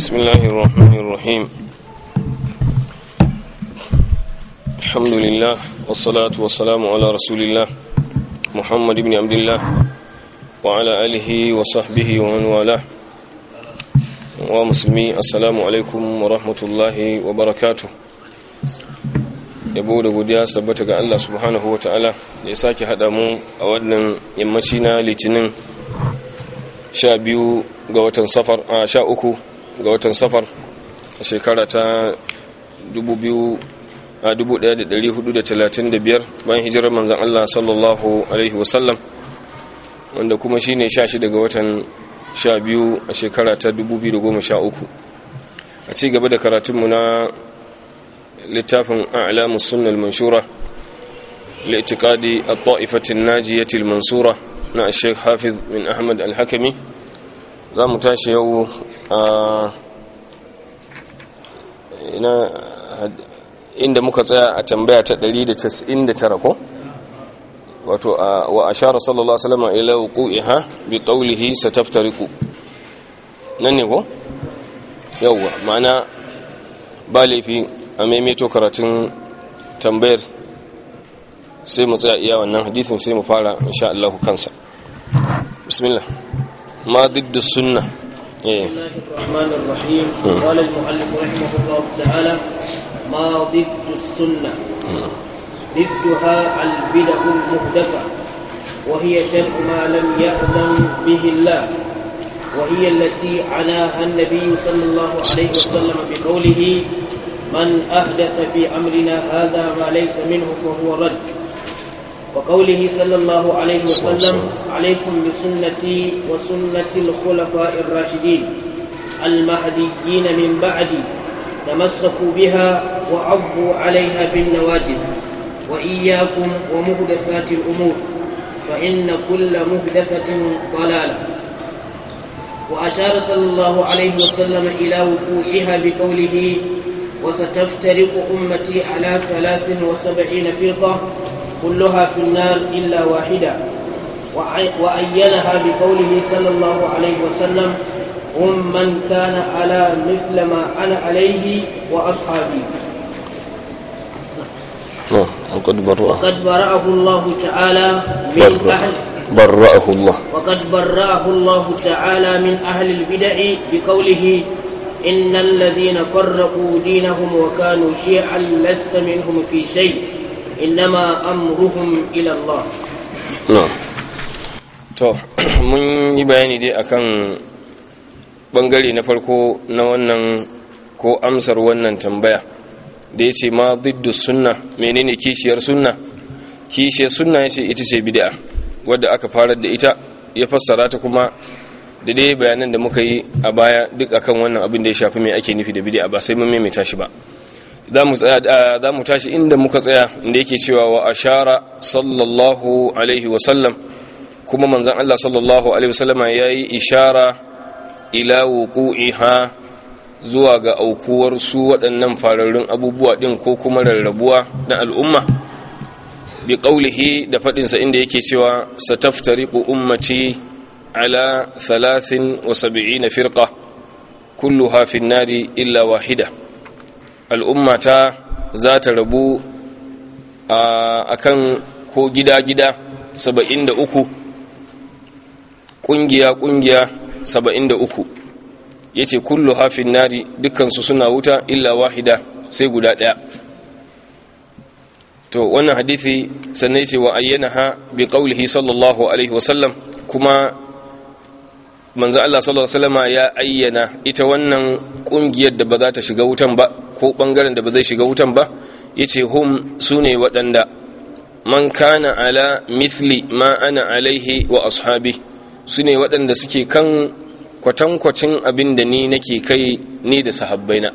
بسم الله الرحمن الرحيم الحمد لله والصلاة والسلام على رسول الله محمد بن عبد الله وعلى آله وصحبه ومن والاه ومسلمي السلام عليكم ورحمة الله وبركاته yabo da godiya su tabbata ga Allah subhanahu wa ta'ala da ya sake haɗa mu a wannan yammaci na litinin sha biyu ga watan safar a sha uku ga watan safar a shekara ta 1435 bayan hijirar manzan Allah sallallahu alaihi wasallam wanda kuma shi shine 16 ga watan sha biyu a shekara ta 2013 a ci gaba da karatunmu na littafin a'lamu sunnal manshura laitikadi a taifati an-najiyati al-mansura na Sheikh Hafiz bin Ahmad al-Hakimi za mu tashi yau a inda muka tsaya a tambaya ta 199 ko wato wa ashara sallallahu alaihi wasallam ila wuqiha bi qawlihi sataftariqu nan ne ko yauwa ma'ana ba laifi a maimaito karatun tambayar sai mu tsaya iya wannan hadithin sai mu fara insha'allahu Allah kansa bismillah ما ضد السنة إيه. بسم الله الرحمن الرحيم قال المؤلف رحمه الله تعالى ما ضد السنة ضدها البدع المحدثة وهي شرع ما لم يأذن به الله وهي التي عناها النبي صلى الله عليه وسلم بقوله من أحدث في أمرنا هذا ما ليس منه فهو رد وقوله صلى الله عليه وسلم عليكم بسنتي وسنة الخلفاء الراشدين المهديين من بعدي تمسكوا بها وعضوا عليها بالنواجذ وإياكم ومهدثات الأمور فإن كل مهدثة ضلالة وأشار صلى الله عليه وسلم إلى وقوعها بقوله وستفترق أمتي على ثلاث وسبعين فرقة كلها في النار إلا واحدة وأينها بقوله صلى الله عليه وسلم هم من كان على مثل ما أنا عليه وأصحابي وقد برأه وقد برأه الله تعالى من برأ. أهل برأه الله وقد برأه الله تعالى من أهل البدع بقوله إن الذين فرقوا دينهم وكانوا شيعا لست منهم في شيء إنما أمرهم إلى الله نعم to mun yi bayani dai kan bangare na farko na wannan ko amsar wannan tambaya da ya ce ma diddu sunna ne kishiyar sunna kishiyar sunna ya ce ita ce bid'a wadda aka farar da ita ya fassara ta kuma da dai bayanan da muka yi a baya duk akan wannan abin da ya shafi mai ake nufi da bid'a ba sai mun maimaita shi ba za mu tashi inda muka tsaya inda yake cewa wa ashara sallallahu alaihi wasallam kuma manzan Allah sallallahu alaihi wasallama ya yi ishara ila wuku'iha zuwa ga aukuwar su waɗannan fararrun abubuwa ɗin ko kuma rarrabuwa na al'umma bi ƙaulihi da faɗinsa inda yake cewa sataftariku ummati على ثلاث وسبعين فرقة كلها في النار إلا واحدة الأمة ذات ربو أكن ko gida-gida saba'in da uku ƙungiya-ƙungiya saba'in da uku ya ce kullu hafin nari dukansu suna wuta illa wahida sai guda ɗaya to wannan hadithi sannan ce wa ayyana ha bi ƙaulihi sallallahu alaihi wasallam kuma manzo Allah sallallahu alaihi wasallam ya ayyana ita wannan kungiyar da ba za ta shiga wutan ba ko bangaren da ba zai shiga wutan ba yace hum sune waɗanda man kana ala mithli ma ana alaihi wa ashabi sune waɗanda suke kan kwatankwacin abin da ni nake kai ni da sahabbaina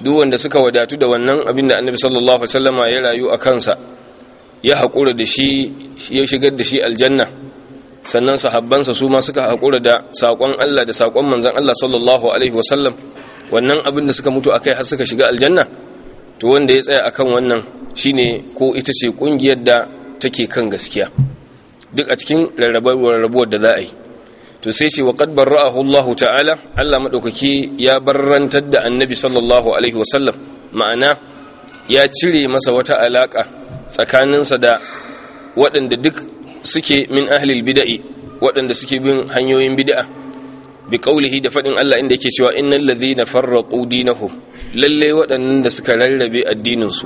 duk wanda suka wadatu da wannan abin da annabi sallallahu alaihi wasallam ya rayu a kansa ya haƙura da shi ya shigar da shi aljanna sannan sahabbansa su ma suka haƙura da saƙon Allah da saƙon manzan Allah sallallahu alaihi wasallam wannan abin da suka mutu akai har suka shiga aljanna to wanda ya tsaya akan wannan shine ko ita ce ƙungiyar da take kan gaskiya duk a cikin rarrabuwar da za a yi to sai ce wa qad barra'ahu ta'ala Allah maɗaukaki ya barrantar da annabi sallallahu alaihi wasallam ma'ana ya cire masa wata alaƙa tsakaninsa da waɗanda duk suke min ahlil bida'i waɗanda suke bin hanyoyin bida'a bi kaulihi da faɗin Allah inda yake cewa innal ladhina farraqu dinahum lalle da suka rarrabe addinin su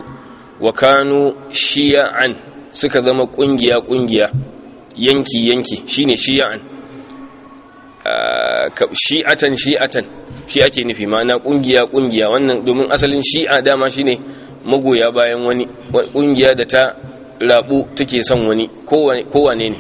wa kanu shi'an suka zama kungiya kungiya yanki yanki shine shi'an ah, shi'atan shi'atan shi ake nufi ma'ana kungiya kungiya wannan domin asalin shi'a dama shine magoya bayan wani kungiya da ta rabu take son wani kowane ne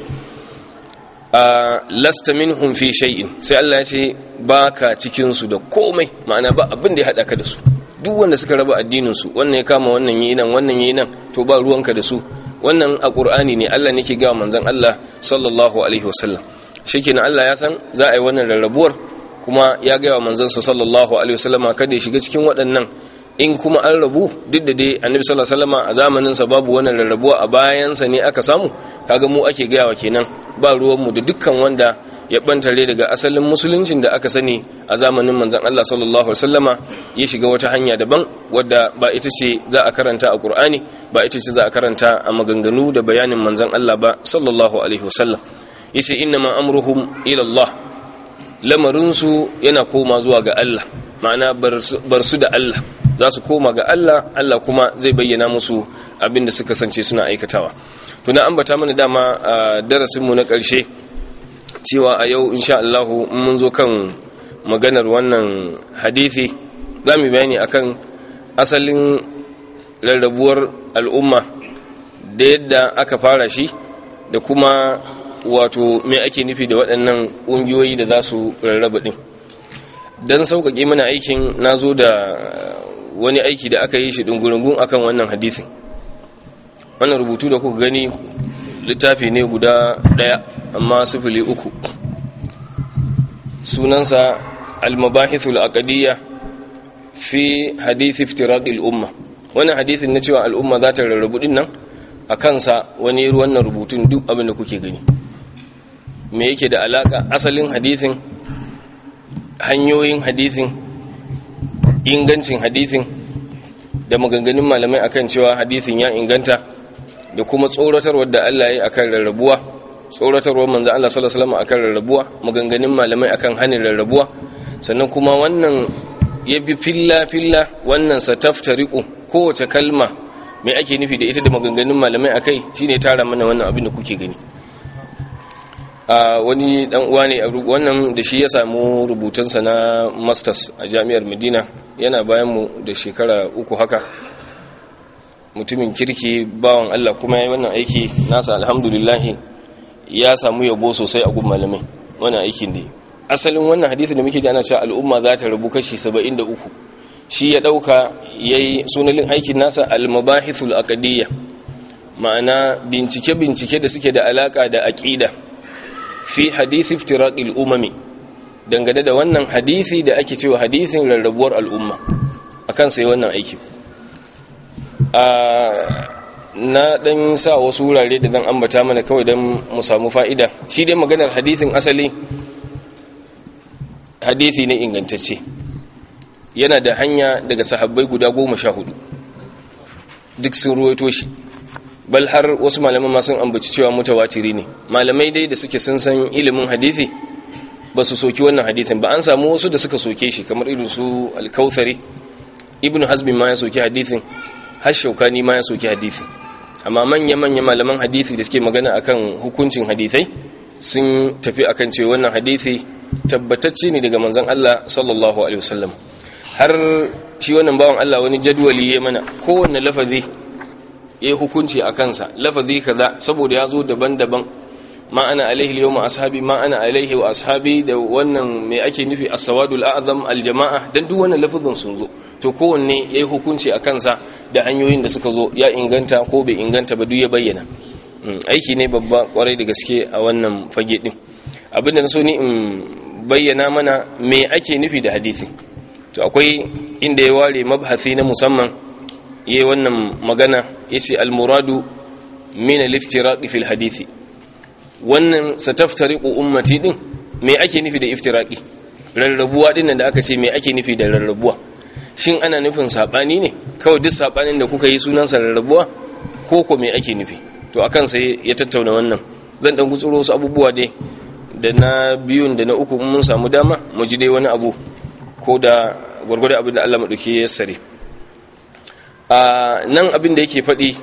a lasta minhum fi shay'in sai Allah ya ce baka cikin su da komai ma'ana ba abin da ya hada ka da su duk wanda suka raba addinin su wannan ya kama wannan yi nan wannan yi nan to ba ruwanka da su wannan a qur'ani ne Allah ne ke ga manzon Allah sallallahu alaihi wasallam shikenan Allah ya san za a yi wannan rarrabuwar kuma ya ga wa manzon sallallahu alaihi wasallam kada ya shiga cikin waɗannan in kuma an rabu duk da dai annabi sallallahu alaihi wasallam a zamanin sa babu wannan rarrabuwa a bayan sa ne aka samu kaga mu ake gayawa kenan ba ruwan mu da dukkan wanda ya bantare daga asalin musuluncin da aka sani a zamanin manzon Allah sallallahu alaihi wasallam ya shiga wata hanya daban wadda ba ita ce za a karanta a Qur'ani ba ita ce za a karanta a maganganu da bayanin manzon Allah ba sallallahu alaihi wasallam yace inna ma amruhum ila Allah lamarinsu yana koma zuwa ga Allah ma'ana bar su da Allah za su koma ga Allah Allah kuma zai bayyana musu abin da suka sance suna aikatawa to na ambata mana dama darasin mu na ƙarshe cewa a yau insha Allah mun zo kan maganar wannan hadisi za mu bayani akan asalin rarrabuwar al'umma da yadda aka fara shi da kuma wato me ake nufi da waɗannan ƙungiyoyi da za su rarraba ɗin don sauƙaƙe mana aikin na zo da wani aiki da aka yi shi dungurungun akan wannan hadisin wannan rubutu da kuka gani littafi ne guda daya amma sifili uku sunansa al-mabahithul aqdiyya fi hadith iftiraq al wannan hadisin na cewa al'umma za ta rarrabu din nan a kansa wani wannan rubutun duk abin da kuke gani me yake da alaka asalin hadisin hanyoyin hadisin ingancin hadisin da maganganun malamai akan cewa hadisin ya inganta da kuma tsoratarwar da Allah ya yi akan rarrabuwa tsoratarwar manzo Allah sallallahu alaihi wasallam akan rarrabuwa maganganun malamai akan hanin rarrabuwa sannan kuma wannan ya bi filla filla wannan sataftariqu kowace kalma me ake nufi da ita da maganganun malamai akai shine tara mana wannan abin da kuke gani wani dan uwa ne wannan da shi ya samu rubutunsa na masters a jami'ar madina yana bayan mu da shekara uku haka mutumin kirki bawan allah kuma ya wannan aiki nasa alhamdulillahi ya samu yabo sosai a gun malamai wannan aikin ne asalin wannan hadisi da muke ji ana cewa al'umma za ta rabu kashi 73 shi ya dauka yayi sunalin aikin nasa al-mabahithul ma'ana bincike bincike da suke da alaka da aƙida. fi hadisi iftiraqil umami dangane da wannan hadisi da ake cewa hadisin rarrabuwar al'umma akan sai wannan aiki a na dan sa wasu wurare da zan ambata mana kawai dan mu samu fa'ida shi dai maganar hadisin asali hadisi ne ingantacce yana da hanya daga sahabbai guda goma sha hudu duk sun ruwaito shi bal har wasu malaman ma sun ambaci cewa mutawatiri ne malamai dai da suke sun san ilimin hadisi ba su soki wannan hadisin ba an samu wasu da suka soke shi kamar irin su alkautsari ibnu hazbin ma ya soki hadisin har ma ya soki hadisin amma manya-manya malaman hadisi da suke magana akan hukuncin hadisai sun tafi akan cewa wannan hadisi tabbatacce ne daga manzon Allah sallallahu alaihi wasallam har shi wannan bawan Allah wani jadwali ya mana kowanne lafazi yayi hukunci a kansa lafazi kaza saboda ya zo daban-daban ma ana alaihi ma ashabi ma ana alaihi wa ashabi da wannan mai ake nufi a sawadul a'zam aljama'a jamaa dan duk wannan lafazin sun zo to kowanne yi hukunci a kansa da hanyoyin da suka zo ya inganta ko bai inganta ba duk ya bayyana mm, aiki ne babba kwarai da gaske a wannan fage din abinda na so ni in bayyana mana me ake nufi da hadisi to akwai inda ya ware mabhasi na musamman yayi wannan magana yace al-muradu min al-iftiraq fil hadisi wannan sataftari ummati din me ake nufi da iftiraqi rarrabuwa din da aka ce me ake nufi da rarrabuwa shin ana nufin sabani ne kawai duk sabanin da kuka yi sunan sa rarrabuwa ko ko me ake nufi to akan sai ya tattauna wannan zan dan gutsuro su abubuwa dai da na biyun da na uku mun samu dama mu ji dai wani abu ko da gwargwado abin da Allah maɗauki ya sare nan abin da yake faɗi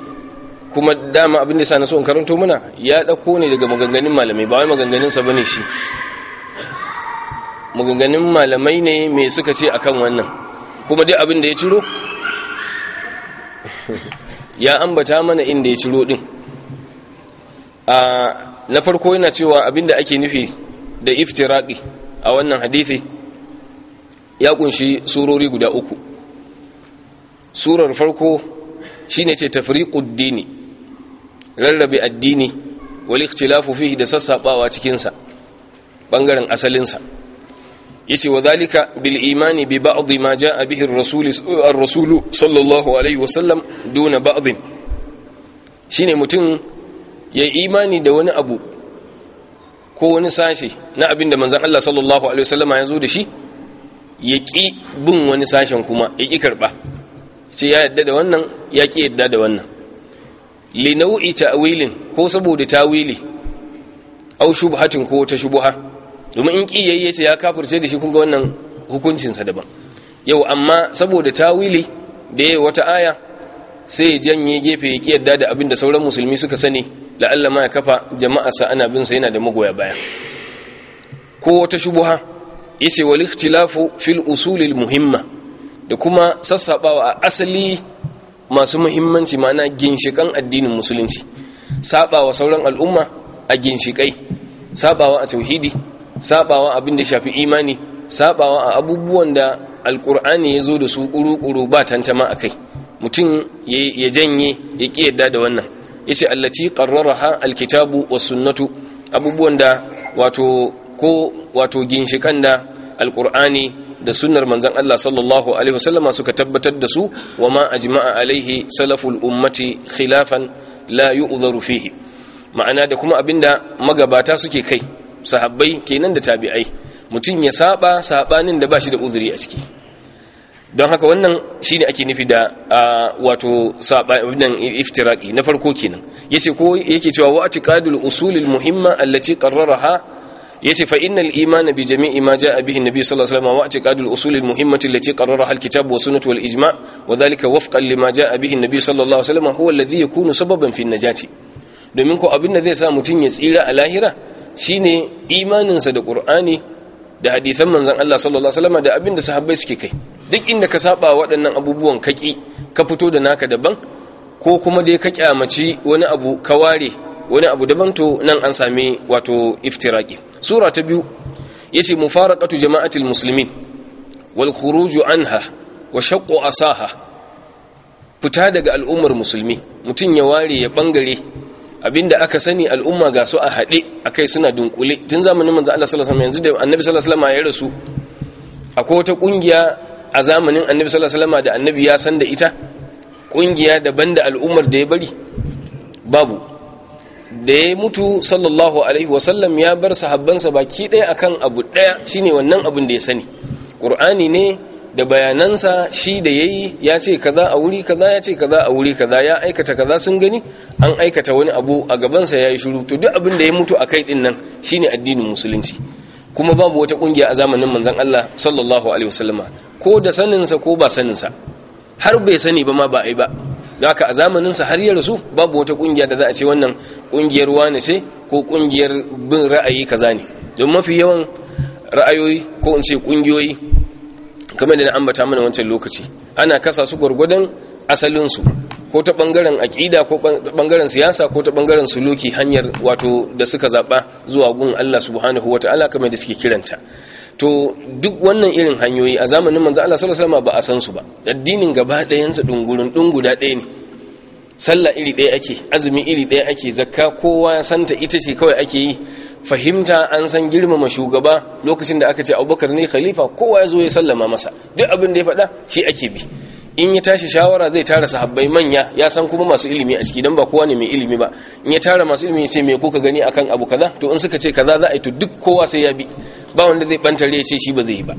kuma dama abin da sa so in karanto muna ya ɗauko ne daga maganganun malamai ba wai maganganunsa ba ne shi maganganun malamai ne mai suka ce akan wannan kuma dai abin da ya ciro ya ambata mana inda ya ciro din na farko yana cewa abin da ake nufi da iftiraki a wannan hadithi ya kunshi surori guda uku surar farko shine ce tafriqud dini rarrabe addini wal ikhtilafu fihi da sassabawa cikin sa bangaren asalin sa yace wa zalika bil imani bi ba'd ma jaa bihi ar-rasul ar-rasul sallallahu alaihi wa sallam duna ba'd shine mutum ya imani da wani abu ko wani sashi na abinda da manzon Allah sallallahu alaihi wa sallama ya zo da shi ya ƙi bin wani sashen kuma ya ƙi karɓa ce ya yadda da wannan ya ki yadda da wannan li nau'i ta'wilin ko saboda tawili au shubhatin ko ta shubha domin in ki yayye ce ya kafirce da shi kun ga wannan hukuncin sa daban yau amma saboda tawili da yayi wata aya sai ya janye gefe ya ki yadda da abin da sauran musulmi suka sani la'alla ma ya kafa jama'a sa ana bin sa yana da magoya baya ko wata shubha yace wal ikhtilafu fil usulil muhimma da kuma sassabawa a asali masu muhimmanci mana ginshikan addinin musulunci sabawa sauran al'umma a ginshikai sabawa a tauhidi sabawa abin da shafi imani sabawa a abubuwan da alkur'ani ya zo da su kuru-kuru ba tantama a kai mutum ya janye ya ƙi yadda da wannan ya ce allaci ha alkitabu wa sunnatu abubuwan da wato ko wato ginshikan da alkur'ani da sunnar manzon Allah sallallahu alaihi wasallama suka tabbatar da su wa ma a jima'a alaihi salaful ummati khilafan la yu'dharu fihi ma'ana da kuma abinda magabata suke kai sahabbai kenan da tabi'ai mutum ya saba sabanin da ba shi da uzuri a ciki don haka wannan shine ake nufi da wato sabanin iftiraki na farko kenan yace ko yake cewa wa atiqadul usulil muhimma allati qarraraha Ya ce fa innal imana bi jami'i ma jaa bihi nabi sallallahu alaihi wasallam wa i'tiqadul usul almuhimmati allati qarraraha alkitab wa sunnah wal ijma' wa dhalika wafqan lima jaa bihi nabi sallallahu alaihi wasallam huwa alladhi yakunu sababan fi najati domin ko abin da zai sa mutun ya tsira a lahira shine imaninsa da qur'ani da hadisan manzon Allah sallallahu alaihi wasallam da abin da sahabbai suke kai duk inda ka saba waɗannan abubuwan kaki ka fito da naka daban ko kuma dai ka kyamaci wani abu ka ware wani abu daban to nan an sami wato iftiraki sura ta biyu yace mufaraqatu jama'atil muslimin wal khuruj anha wa shaqqu asaha fita daga al'ummar musulmi mutun ya ware ya bangare abinda aka sani al'umma ga su a haɗe akai suna dunkule tun zamanin manzo Allah sallallahu alaihi wasallam yanzu da annabi sallallahu alaihi wasallam ya rasu akwai wata kungiya a zamanin annabi sallallahu alaihi wasallam da annabi ya san da ita kungiya daban da al'ummar da ya bari babu da ya mutu sallallahu alaihi wasallam ya bar sahabbansa baki ɗaya akan abu ɗaya shine wannan abin da ya sani ƙur'ani ne da bayanansa shi da ya yi ya ce kaza a wuri kaza ya ce kaza a wuri kaza ya aikata kaza sun gani an aikata wani abu a gabansa ya yi shuru to duk abin da ya mutu a kai ɗin nan shine addinin musulunci kuma babu wata ƙungiya a zamanin manzon Allah sallallahu alaihi wasallama ko da saninsa ko ba saninsa har bai sani ba ma ba yi ba da haka a zamaninsa har ya rasu babu wata kungiya da za a ce wannan kungiyar wani ce ko kungiyar bin ra'ayi kaza ne don mafi yawan ra'ayoyi ko in ce kungiyoyi kamar da na ambata mana wancan lokaci ana kasa su gwargwadon asalinsu ko ta bangaren aƙida ko bangaren siyasa ko ta bangaren suluki hanyar wato da suka zaɓa zuwa gun Allah subhanahu wata'ala kamar da suke kiranta to duk wannan irin hanyoyi a zamanin manzo Allah sallallahu alaihi wasallam ba a san su ba addinin gaba ɗayan sa dungurun dungu guda ɗaya ne sallah iri ɗaya ake azumi iri ɗaya ake zakka kowa ya santa ita ce kawai ake yi fahimta an san girmama shugaba lokacin da aka ce abubakar ne khalifa kowa ya zo ya sallama masa duk abin da ya faɗa shi ake bi in ya tashi shawara zai tara sahabbai manya ya san kuma masu ilimi a ciki dan ba kowa ne mai ilimi ba in ya tara masu ilimi sai me kuka gani akan abu kaza to in suka ce kaza za a yi to duk kowa sai ya bi ba wanda zai bantare ya ce shi ba zai yi ba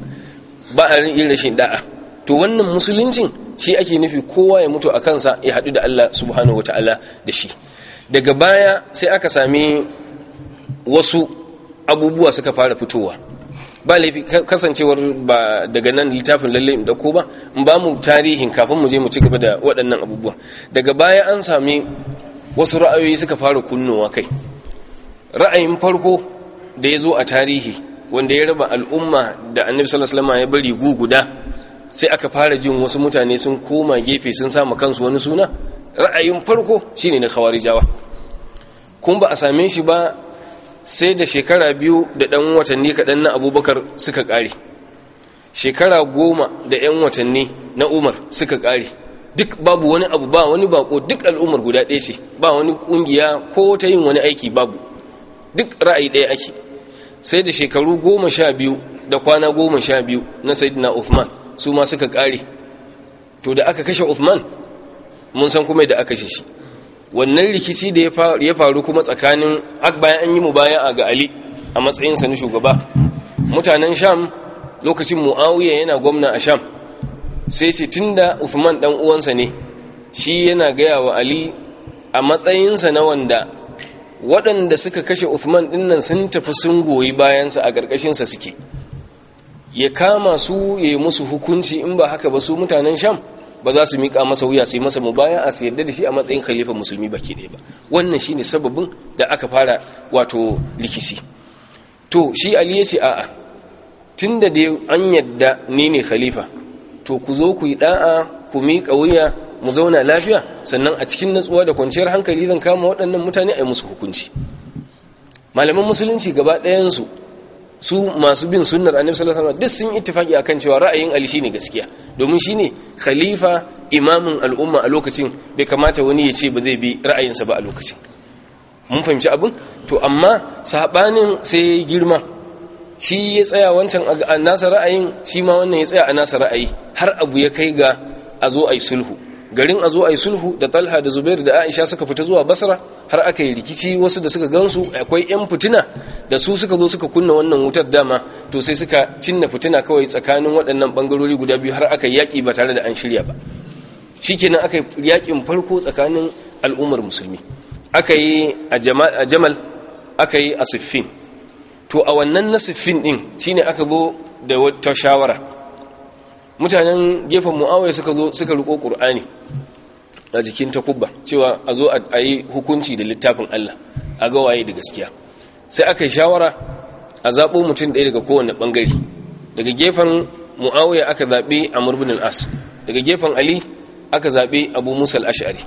ba a yin rashin da'a to wannan musuluncin shi ake nufi kowa ya mutu a kansa ya haɗu da Allah subhanahu wataala da shi daga baya sai aka sami wasu abubuwa suka fara fitowa ba laifi kasancewar ba daga nan littafin lalle in dauko ba in ba mu tarihin kafin mu je mu ci gaba da waɗannan abubuwa daga baya an sami wasu ra'ayoyi suka fara kunnuwa kai ra'ayin farko da ya zo a tarihi wanda ya raba al'umma da annabi sallallahu alaihi wasallam ya bari guguda sai aka fara jin wasu mutane sun koma gefe sun sama kansu wani suna ra'ayin farko shine na khawarijawa kun ba a same shi ba sai da shekara biyu da ɗan watanni kaɗan na abubakar suka ƙare shekara goma da 'yan watanni na umar suka ƙare duk babu wani abu ba wani bako duk al'umar guda ɗaya ce ba wani ƙungiya ko ta yin wani aiki babu duk ra'ayi ɗaya ake sai da shekaru goma sha biyu da kwana goma sha biyu na Saidina uthman su ma suka ƙare to da aka kashe uthman mun san kuma da aka shi shi wannan rikici da ya faru kuma tsakanin bayan an yi mu a ga ali a matsayinsa na shugaba mutanen sham lokacin muawiya yana gwamna a sham sai ce tunda uthman dan uwansa ne shi yana gaya wa ali a matsayinsa na wanda waɗanda suka kashe uthman dinnan sun tafi sun goyi bayansa a ƙarƙashinsa suke ya kama su ya yi musu hukunci in ba haka ba su mutanen sham ba za su miƙa masa wuya su yi masa mubaya a su yarda da shi a matsayin khalifa musulmi baki ɗaya ba wannan shine sababin da aka fara wato likisi to shi ali ya ce a'a tunda da an yadda ni ne khalifa to ku zo ku yi da'a ku miƙa wuya mu zauna lafiya sannan a cikin natsuwa da kwanciyar hankali zan kama waɗannan mutane a yi musu hukunci malaman musulunci gaba ɗayansu su masu bin sunnar annabi sallallahu alaihi wasallam duk sun ittifaki akan cewa ra'ayin ali shi ne gaskiya domin shine khalifa imamin al'umma a lokacin bai kamata wani ya ce ba zai bi ra'ayinsa ba a lokacin mun fahimci abin to amma sabanin sai girma shi ya tsaya wancan a nasa ra'ayin shi ma wannan ya tsaya a nasa ra'ayi har abu ya kai ga a zo a yi sulhu garin a zo a yi sulhu da talha da zubair da aisha suka fita zuwa basra har aka yi rikici wasu da suka gansu akwai yan fitina da su suka zo suka kunna wannan wutar dama to sai suka cinna fitina kawai tsakanin waɗannan ɓangarori guda biyu har aka yaƙi ba tare da an shirya ba kenan aka yi yaƙin farko tsakanin al'ummar musulmi aka yi a jamal aka yi a siffin to a wannan na siffin ɗin shine aka zo da wata shawara mutanen gefen mu'awai suka zo suka riko ƙur'ani a jikin takubba cewa a zo a yi hukunci da littafin Allah a ga waye da gaskiya sai aka yi shawara a zaɓo mutum ɗaya daga kowane ɓangare daga gefen mu'awai aka zaɓe a al as daga gefen ali aka zaɓi abu musal ash'ari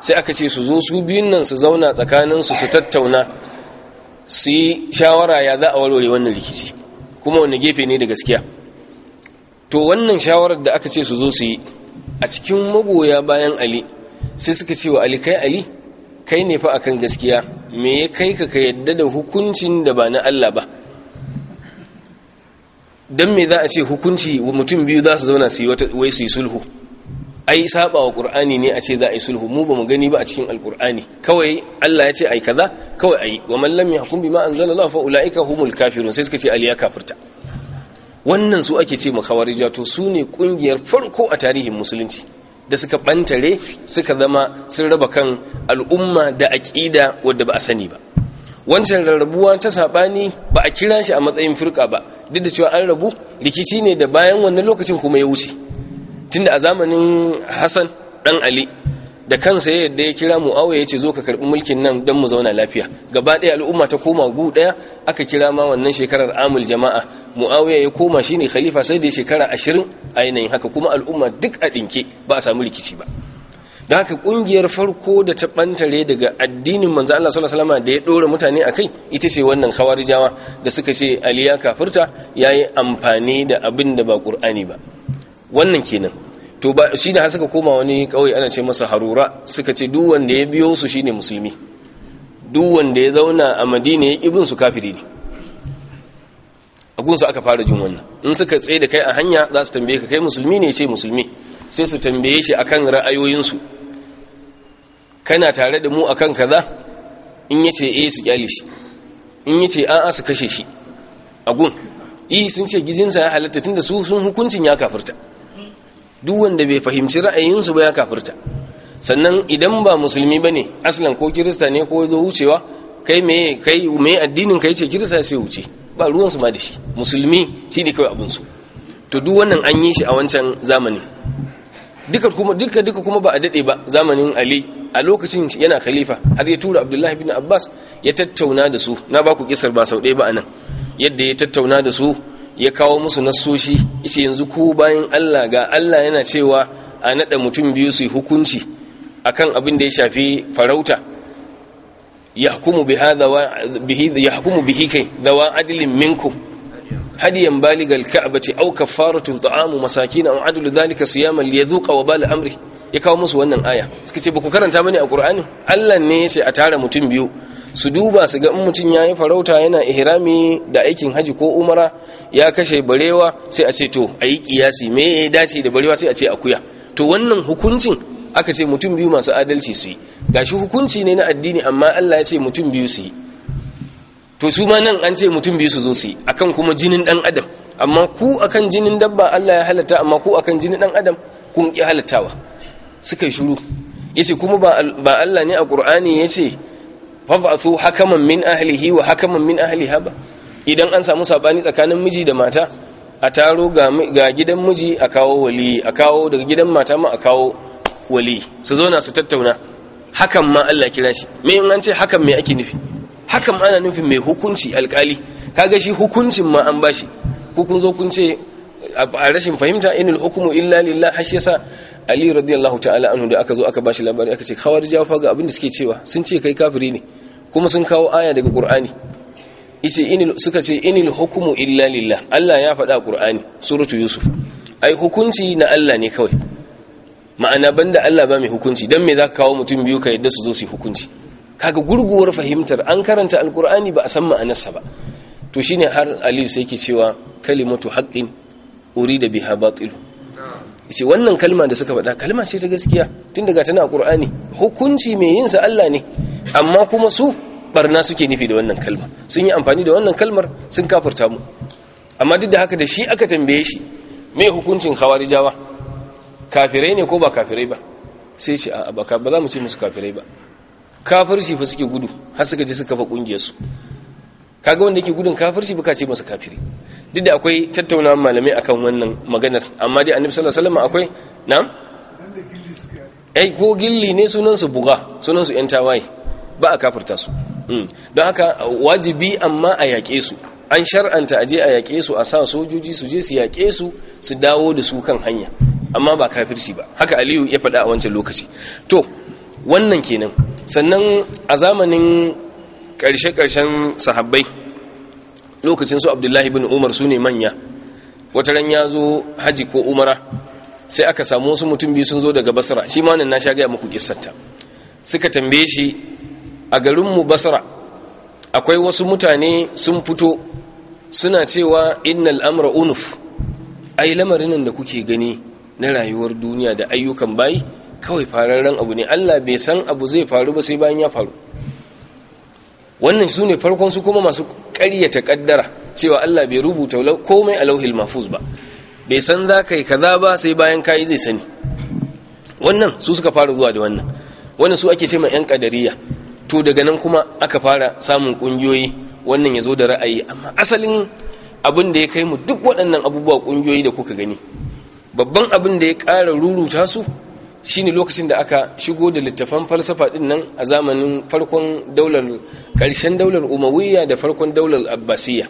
sai aka ce su zo su biyun nan su zauna tsakanin su su tattauna su yi shawara ya za a warware wannan rikici kuma wani gefe ne da gaskiya to wannan shawarar da aka ce su zo su yi a cikin magoya bayan ali sai suka ce wa ali kai ali kai ne fa akan gaskiya me ya kai ka ka yadda da hukuncin da ba na Allah ba dan me za a ce hukunci mutum biyu za su zauna su yi wata wai su yi sulhu ai saba wa qur'ani ne a ce za a yi sulhu mu ba mu gani ba a cikin alqur'ani kawai Allah ya ce ai kaza kawai ai wa man lam yahkum bima anzalallahu fa ulaika humul kafirun sai suka ce ali ya kafirta wannan su ake ce makhawarija to su ne kungiyar farko a tarihin musulunci da suka bantare suka zama sun raba kan al'umma da aƙida wadda ba a sani ba wancan rarrabuwa ta saɓani ba a kira shi a matsayin firka ba duk da cewa an rabu rikici ne da bayan wannan lokacin kuma ya wuce tunda a zamanin hassan ɗan ali da kansa ya yadda ya kira mu mu'awiya ya ce zo ka karɓi mulkin nan don mu zauna lafiya gaba ɗaya al'umma ta koma gu ɗaya aka kira ma wannan shekarar amul jama'a mu'awiya ya koma shi ne khalifa sai da shekara ashirin a yanayin haka kuma al'umma duk a ɗinke ba a samu rikici ba da haka ƙungiyar farko da ta ɓantare daga addinin manzo Allah sallallahu alaihi da ya ɗora mutane a kai ita ce wannan khawarijawa da suka ce ali ya kafirta yayi amfani da abin da ba ƙur'ani ba wannan kenan to ba shi da suka koma wani kauye ana ce masa harura suka ce duk wanda ya biyo su shine musulmi duk wanda ya zauna a madina ya ibin su kafiri ne a gunsu aka fara jin wannan in suka tsaye da kai a hanya za su tambaye ka kai musulmi ne ce musulmi sai su tambaye shi akan ra'ayoyinsu kana tare da mu akan kaza in yace eh su kyale shi in yace a'a su kashe shi a gun yi eh, sun ce gijinsa ya halatta tunda su sun hukuncin ya kafirta duk wanda bai fahimci ra'ayinsu ba ya kafirta sannan idan ba musulmi ba ne aslan ko kirista ne ko zo wucewa kai me kai me addinin kai ce kirista sai wuce ba ruwan su ma da shi musulmi shi ne kawai abun su to duk wannan an yi shi a wancan zamani duka kuma duka duka kuma ba a dade ba zamanin Ali a lokacin yana khalifa har ya tura Abdullahi bin Abbas ya tattauna da su na ba ku kisar ba sau ɗaya ba anan yadda ya tattauna da su ya kawo musu nasoshi ise yanzu ku bayan Allah ga Allah yana cewa a naɗa mutum biyu su hukunci akan abin da ya shafi farauta yahkumu bi da wa bihi yahkumu kai dawa adlin minkum hadiyan baligal ka'bati aw kafaratu ta'amu masakin aw adlu dhalika siyaman liyadhuqa wa bali amri ya kawo musu wannan aya suka ce ba karanta mani a ƙur'ani allah ne ya a tara mutum biyu su duba su ga in mutum ya yi farauta yana ihrami da aikin haji ko umara ya kashe barewa sai a ce to a yi kiyasi me ya dace da barewa sai a ce akuya to wannan hukuncin aka ce mutum biyu masu adalci su yi gashi hukunci ne na addini amma Allah ya ce mutum biyu su yi to su ma nan an ce mutum biyu su zo su yi akan kuma jinin dan adam amma ku akan jinin dabba Allah ya halatta amma ku akan jinin dan adam kun ki halattawa suka yi shiru yace kuma ba Allah ne a Qur'ani yace fab'athu hakaman min ahlihi wa hakaman min ahliha ba idan an samu sabani tsakanin miji da mata a taro ga gidan miji a kawo wali a kawo daga gidan mata ma a kawo wali su zauna su tattauna hakan ma Allah kira shi me in an ce hakan me ake nufi hakan ana nufin mai hukunci alkali kaga shi hukuncin ma an bashi ku kun zo kun ce a rashin fahimta inil hukumu illa lillah har shi yasa ali radiyallahu ta'ala anhu da aka zo aka bashi labari aka ce khawarija fa ga abin da suke cewa sun ce kai kafiri ne kuma sun kawo aya daga qur'ani yace inil suka ce inil hukumu illa lillah Allah ya faɗa qur'ani suratu yusuf ai hukunci na Allah ne kawai ma'ana banda Allah ba mai hukunci dan me za ka kawo mutum biyu ka yadda su zo su hukunci kaga gurguwar fahimtar an karanta alqur'ani ba a san ma'anarsa ba to shine har aliyu sai ke cewa kalimatu haqqin da biha batilu ce wannan kalma da suka faɗa kalma ce ta gaskiya tun daga tana ƙur'ani hukunci mai yin sa Allah ne amma kuma su barna suke nufi da wannan kalma sun yi amfani da wannan kalmar sun kafurta mu amma duk da haka da shi aka tambaye shi mai hukuncin khawarijawa kafirai ne ko ba kafirai ba sai ce a ba za mu ce musu kafirai ba kafirci fa suke gudu har suka je suka fa kungiyar su kaga wanda yake gudun kafirci baka ce masa kafiri duk da akwai tattauna malamai akan wannan maganar amma dai annabi sallallahu alaihi wasallam akwai na'am ai ko gilli ne sunan su buga sunan su yan tawaye ba a kafirta su hmm. don haka wajibi amma a yaƙe su an shar'anta aje a yaƙe su a sa sojoji su je su yaƙe su su dawo da su kan hanya amma ba kafirci ba haka aliyu ya faɗa a wancan lokaci to wannan kenan sannan a zamanin ƙarshe karshen sahabbai lokacin su abdullahi bin umar su ne manya wata ran ya zo haji ko umara sai aka samu wasu mutum biyu sun zo daga basara. shi ma na sha gaya muku kisanta suka tambaye shi a garinmu basara, akwai wasu mutane sun fito suna cewa innal amra unuf ai lamarin da kuke gani na rayuwar duniya da ayyukan bayi kawai fararren abu ne Allah bai san abu zai faru ba sai bayan ya faru wannan su ne farkon su kuma masu ta kaddara cewa Allah bai rubuta komai a lauhil mafuz ba bai san za ka yi kaza ba sai bayan ka yi zai sani wannan su suka fara zuwa da wannan wannan su ake ce ma 'yan ƙadariya to daga nan kuma aka fara samun ƙungiyoyi wannan ya zo da ra'ayi amma asalin abin da ya kai mu duk waɗannan abubuwa ƙungiyoyi da kuka gani babban abin da ya ƙara ruruta su Shi ne lokacin da aka shigo da littafan falsafa din nan a zamanin farkon daular ƙarshen daular umawiyya da farkon daular abbasiyya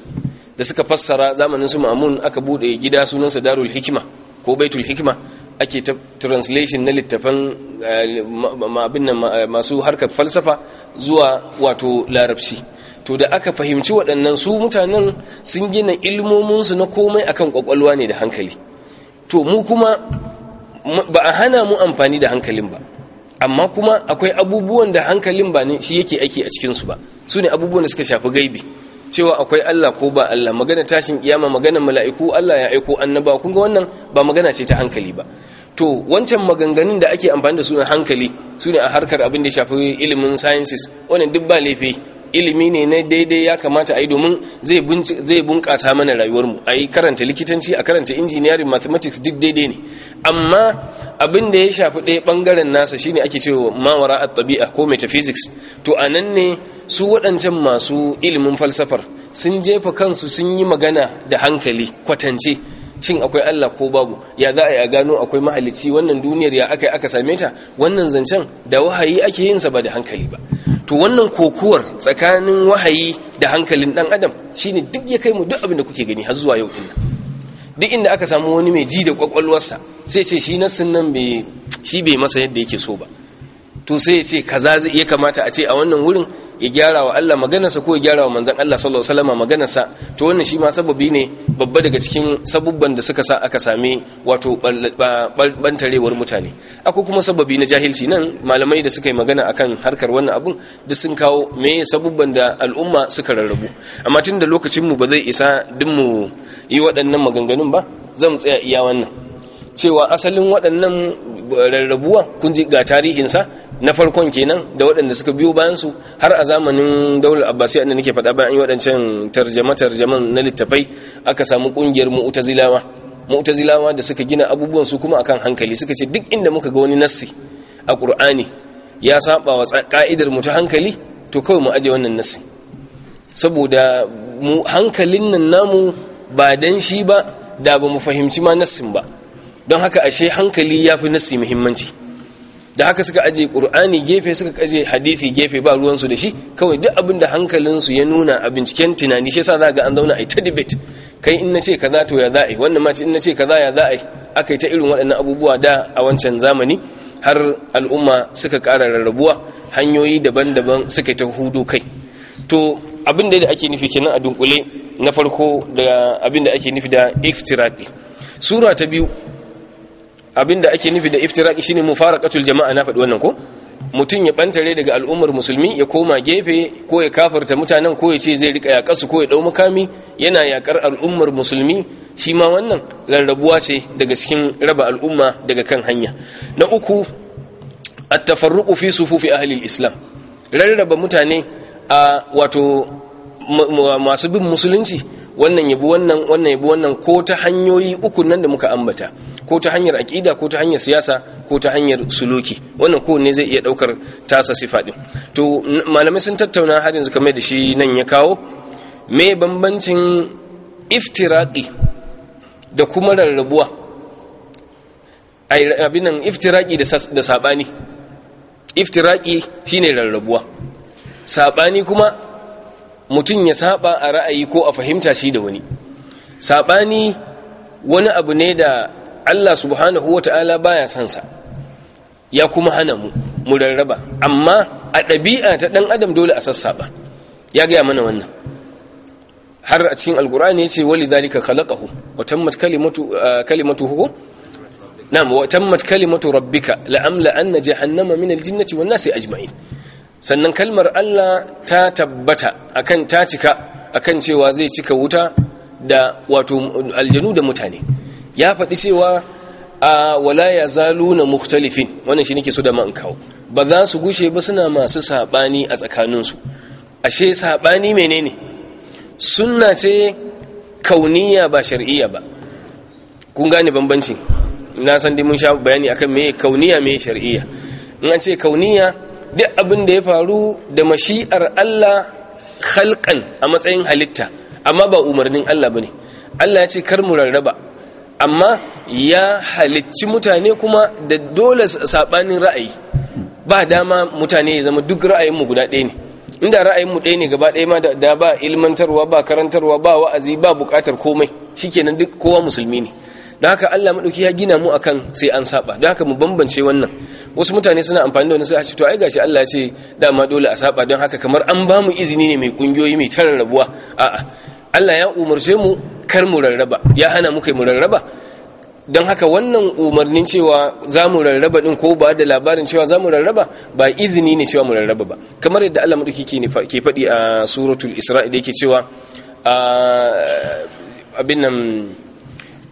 da suka fassara zamanin su ma'amun aka bude gida sunansa darul hikima ko baitul hikima ake ta translation na littafan eh, abin eh, masu harkar falsafa zuwa wato larabci to da aka fahimci waɗannan su mutanen sun gina ilmominsu na komai akan kwakwalwa ne da hankali to mu kuma ba a hana mu amfani da hankalin ba amma kuma akwai abubuwan da hankalin ba ne shi yake aiki a cikinsu ba su ne abubuwan da suka shafi gaibi cewa akwai Allah ko ba Allah magana tashin kiyama magana mala'iku Allah ya aiko annaba kun ga wannan ba magana ce ta hankali ba to wancan maganganun da ake amfani da su na hankali su ne a harkar abin da ya shafi ilimin sciences wannan duk ba laifi ilimi ne na daidai ya kamata a yi domin zai bunƙasa mana rayuwarmu a yi karanta likitanci a karanta injiniyarin mathematics duk daidai ne amma abin da ya shafi ɗaya ɓangaren nasa shine ake cewa mawara a tabi'a ko metaphysics to a nan ne su waɗancan masu ilimin falsafar sun jefa kansu sun yi magana da hankali kwatance shin akwai Allah ko babu ya za a yi a gano akwai mahalicci wannan duniyar ya aka yi aka same ta wannan zancen da wahayi ake yin sa ba da hankali ba to wannan kokuwar tsakanin wahayi da hankalin dan adam shine duk ya kai mu duk abin da kuke gani har zuwa yau din duk inda aka samu wani mai ji da kwakwalwarsa sai ce shi nassin nan bai shi bai masa yadda yake so ba to sai ya ce kaza ya kamata a ce a wannan wurin ya gyara wa Allah maganarsa ko ya gyara wa manzon Allah sallallahu alaihi wasallam maganarsa to wannan shi ma sababi ne babba daga cikin sabubban da suka sa aka sami wato bantarewar mutane akwai kuma sababi na jahilci nan malamai da suka yi magana akan harkar wannan abun duk sun kawo me sabubban da al'umma suka rarrabu amma tun da lokacin mu ba zai isa duk mu yi waɗannan maganganun ba zan tsaya iya wannan cewa asalin waɗannan rarrabuwa kun ji ga tarihinsa na farkon kenan da waɗanda suka biyo bayan su har a zamanin daular abbasiya inda nake faɗa bayan yi waɗancan tarjama-tarjaman na littafai aka samu ƙungiyar mu'tazilawa mu'tazilawa da suka gina abubuwan su kuma akan hankali suka ce duk inda muka ga wani nassi a ƙur'ani ya saba wa ka'idar mu ta hankali to kawai mu aje wannan nassi saboda mu hankalin nan namu ba dan shi ba da ba mu fahimci ma nassin ba don haka ashe hankali ya fi nassi muhimmanci da haka suka aje qur'ani gefe suka aje hadisi gefe ba ruwansu da shi kawai duk abin da hankalinsu ya nuna a binciken tunani shi yasa za ga an zauna a ta debate kai in nace kaza to ya za'i wannan ma ce in nace kaza ya za'i akai ta irin waɗannan abubuwa da a wancan zamani har al'umma suka ƙara rarrabuwa hanyoyi daban-daban suka ta hudu kai to abin da ake nufi kenan a dunkule na farko da abin da ake nufi da iftirati. sura ta biyu Abin da ake nufi da iftiraki shine mufaraqatul jama'a na faɗi wannan ko mutum ya bantare daga al'ummar musulmi ya koma gefe ko ya kafarta mutanen ko ya ce zai rika yaƙa su ko ya dau mukami. yana yakar al'ummar musulmi shi ma wannan rarrabuwa ce daga cikin raba al'umma daga kan hanya na uku at-tafarruqu fi sufufi ahli al-islam rarraba mutane a wato masu bin musulunci wannan yabi wannan wannan yabi wannan ko ta hanyoyi uku nan da muka ambata ko ta hanyar aqida ko ta hanyar siyasa ko ta hanyar suluki wannan ko ne zai iya daukar tasa sifa din to malamai sun tattauna har yanzu kamar da shi nan ya kawo me bambancin iftiraqi da kuma rarrabuwa abinan iftiraqi da sabani iftiraqi shine rarrabuwa sabani kuma mutum ya saba a ra'ayi ko a fahimta shi da wani sabani wani abu ne da Allah subhanahu wata'ala baya son sa ya kuma hana mu mu rarraba amma a ɗabi'a ta ɗan adam dole a sassaba ya gaya mana wannan har a cikin alkur'ani ya ce wali zalika khalaqahu wa tammat kalimatu kalimatuhu na'am wa kalimatu rabbika la anna jahannama min aljinnati wan nasi ajma'in sannan kalmar Allah ta tabbata akan ta cika akan cewa zai cika wuta da wato aljanu da mutane ya faɗi cewa a wala ya zalu na muktalifin wannan shi nake so da man kawo ba za su gushe ba suna masu saɓani a tsakaninsu ashe saɓani menene suna ce kauniya ba shar'iyya ba kun gane bambanci na san dai mun sha bayani akan me kauniya me shar'iyya in an ce kauniya duk abin da ya faru da mashi'ar Allah halkan a matsayin halitta amma ba umarnin Allah bane Allah ya ce kar mu rarraba amma ya halicci mutane kuma da dole sabanin ra'ayi ba dama mutane ya zama duk ra'ayin mu guda ɗaya ne inda ra'ayin mu ɗaya ne gaba ɗaya ma da ba ilmantarwa ba karantarwa ba wa'azi ba bukatar komai shikenan duk kowa musulmi ne don haka Allah maɗauki ya gina mu akan sai an saba don haka mu bambance wannan wasu mutane suna amfani da wani sai a ce to ai gashi Allah ya ce dama dole a saba don haka kamar an ba mu izini ne mai kungiyoyi mai tarar rabuwa a'a Allah ya umarce mu kar mu rarraba ya hana mu kai mu rarraba don haka wannan umarnin cewa za mu rarraba din ko ba da labarin cewa za mu rarraba ba izini ne cewa mu rarraba ba kamar yadda Allah maɗauki ke faɗi a suratul isra'i da yake cewa abin nan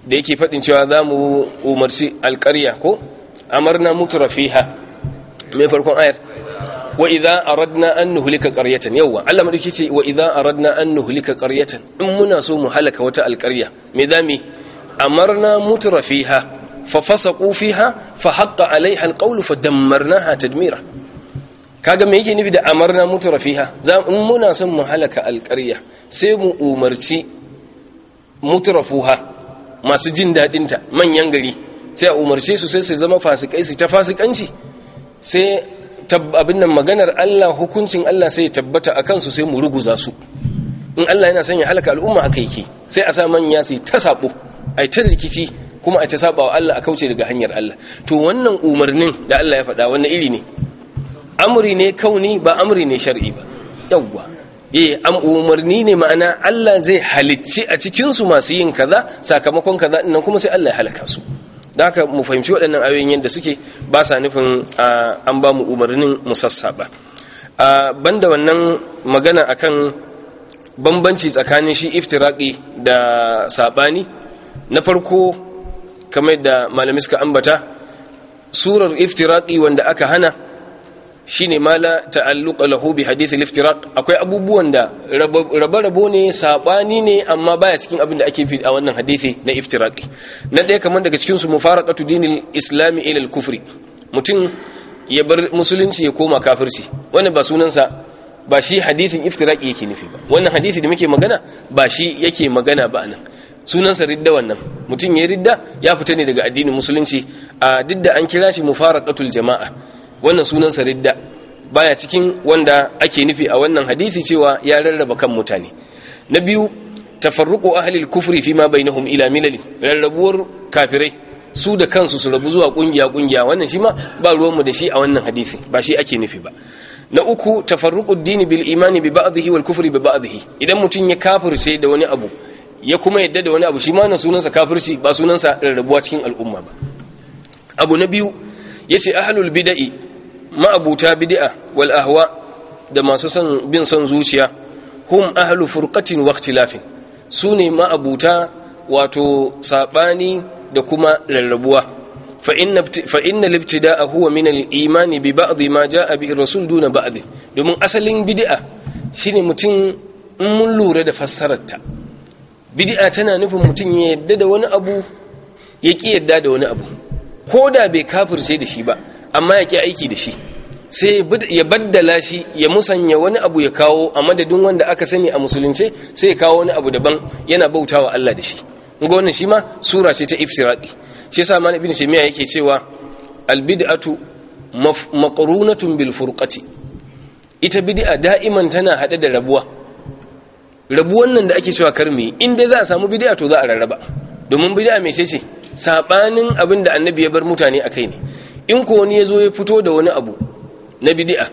da yake faɗin cewa za mu umarci alƙarya ko amarna mutura fiha mai farkon ayar wa idza aradna an nuhlika qaryatan yawa Allah madauki ce wa idza aradna an nuhlika qaryatan in muna so mu halaka wata alƙarya me zami amarna mutura fiha fa fasaqu fiha fa haqqa alaiha alqawlu fa dammarnaha tadmira kaga me yake nufi da amarna mutura fiha za in muna son mu halaka alƙarya sai mu umarci mutrafuha masu jin daɗinta manyan gari sai a umarce su sai su zama fasikai su ta fasikanci sai abin nan maganar Allah hukuncin Allah sai ya tabbata a kansu sai mu ruguza su in Allah yana sanya halaka al'umma aka ke. sai a sa manya su ta saɓo, a ta rikici kuma a ta saɓa wa Allah a kauce daga hanyar Allah to wannan umarnin da Allah ya faɗa wannan iri ne amuri ne kauni ba amuri ne shar'i ba yawwa eh an umarni ne ma'ana Allah zai halicci a cikin su masu yin kaza sakamakon kaza nan kuma sai Allah ya halaka su da haka mu fahimci waɗannan ayoyin yadda suke ba sa nufin an ba mu umarnin mu a banda wannan magana akan bambanci tsakanin shi iftiraki da sabani na farko kamar da malamai suka ambata surar iftiraki wanda aka hana shine ma la ta'alluqa lahu bi hadith iftiraq akwai abubuwan da rabo ne sabani ne amma baya cikin abin da ake a wannan hadisi na iftiraq. na ɗaya kamar daga cikin su mufaraqatu dinil islami ila al-kufri mutum ya bar musulunci ya koma kafirci wannan ba sunansa ba shi hadithin iftiraq yake nufi ba wannan hadisi da muke magana ba shi yake magana ba nan. sunansa ridda wannan mutum ya ridda ya fita ne daga addinin musulunci a didda an kira shi mufaraqatul jama'a wannan sunansa ridda baya cikin wanda ake nufi a wannan hadisi cewa ya rarraba kan mutane na biyu tafarruqu ahlil al-kufri ma bainahum ila milali rarrabuwar kafirai su da kansu su rabu zuwa kungiya kungiya wannan shi ma ba ruwanmu da shi a wannan hadisi ba shi ake nufi ba na uku tafarruqu ad-dini bil imani bi ba'dihi wal kufri bi ba'dihi idan mutun ya kafirce da wani abu ya kuma yadda da wani abu shi ma na sunansa kafirci ba sunansa rarrabuwa cikin al'umma ba abu na biyu yace ahlul bid'i ma'abuta bid'a wal ahwa da masu son bin son zuciya hum ahlu furqatin wa ikhtilafin sune ma'abuta wato sabani da kuma rarrabuwa fa inna fa inna libtida'a huwa min al-imani bi ba'd ma ja'a bi rasul duna ba'd domin asalin bid'a shine mutum in mun lura da fassararta bid'a tana nufin mutum ya yadda da wani abu ya ki yadda da wani abu ko da bai kafirce da shi ba amma ya ki aiki da shi sai ya baddala shi ya musanya wani abu ya kawo a madadin wanda aka sani a musulunce sai ya kawo wani abu daban yana bautawa Allah da shi ga wannan shi ma sura ce ta iftiraqi shi yasa malam ibnu taymiya yake cewa albid'atu maqrunatun bil furqati ita bid'a da'iman tana hade da rabuwa rabuwan nan da ake cewa karmi in dai za a samu bid'a to za a rarraba domin bid'a me ce sabanin abin da annabi ya bar mutane a kai ne in ko wani ya zo ya fito da wani abu na bid'a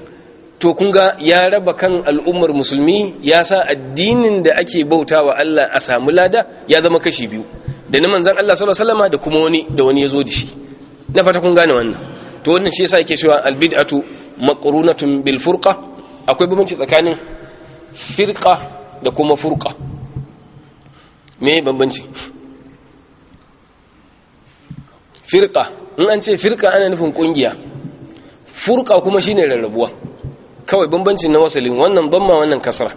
to kunga ya raba kan al'ummar musulmi ya sa addinin da ake bauta wa Allah a samu lada ya zama kashi biyu da na zan Allah sallallahu alaihi da kuma wani da wani ya zo da shi na fata kun gane wannan to wannan shi yasa yake cewa albid'atu maqrunatun bil furqa akwai bambanci tsakanin firqa da kuma furqa me bambanci Firƙa in an ce firka ana nufin kungiya furka kuma shine rarrabuwa kawai bambancin na wasalin wannan damma wannan kasra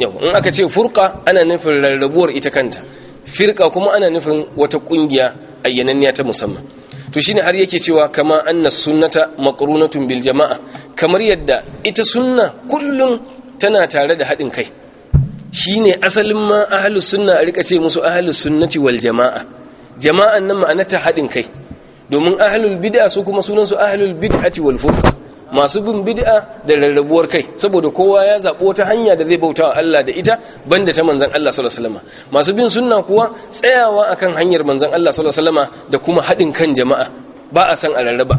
yau in aka ce furka ana nufin rarrabuwar ita kanta firƙa kuma ana nufin wata kungiya ayyananniya ta musamman to shine har yake cewa kama anna sunnata maqrunatun bil jama'a kamar yadda ita sunna kullum tana tare da haɗin kai shine asalin ma ahlus sunna a rika ce musu ahlus sunnati wal jama'a jama'an nan ma'anata haɗin kai domin ahlul bid'a su kuma sunansu ahlul bid'ati wal furqa masu bin bid'a da rarrabuwar kai saboda kowa ya zabo ta hanya da zai bautawa Allah da ita banda ta manzon Allah sallallahu alaihi wasallam masu bin sunna kuwa tsayawa akan hanyar manzon Allah sallallahu alaihi wasallam da kuma hadin kan jama'a ba a san a rarraba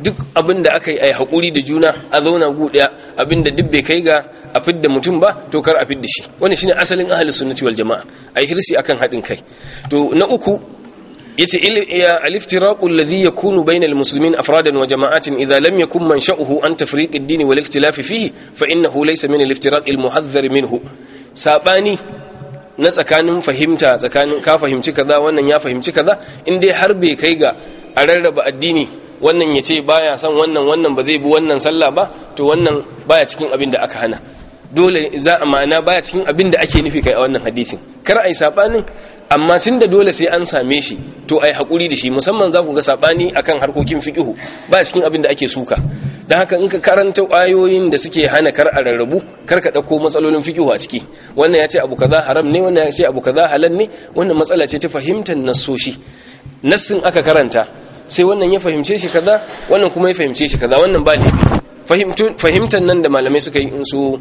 duk abin da aka yi a haƙuri da juna a zauna guɗaya abin da duk bai kai ga a fidda mutum ba to kar a fidda shi wani shine asalin ahalin sunnati wal jama'a a yi hirsi akan haɗin kai to na uku yace al-iftiraqu alladhi yakunu bayna al-muslimin afradan wa jama'atin idha lam yakun mansha'uhu an tafriq ad-din wal ikhtilaf fihi fa innahu laysa min al-iftiraq al-muhadhdhar minhu sabani na tsakanin fahimta tsakanin ka fahimci kaza wannan ya fahimci kaza in dai har bai kai ga a rarraba addini wannan ya ce baya son wannan wannan ba zai bi wannan sallah ba to wannan baya cikin abin da aka hana dole za a ma'ana baya cikin abin da ake nufi kai a wannan hadisin kar a yi sabanin amma tun da dole sai an same shi to ai haƙuri da shi musamman za ku ga saɓani akan harkokin fiƙihu ba cikin abin da ake suka don haka in ka karanta ƙwayoyin da suke hana kar a rarrabu kar ka ɗauko matsalolin fiƙihu a ciki wannan ya ce abu kaza haram ne wannan ya ce abu kaza halal ne wannan matsala ce ta fahimtar nassoshi nassin aka karanta sai wannan ya fahimce shi kaza wannan kuma ya fahimce shi kaza wannan ba ne fahimtar nan da malamai suka yi in su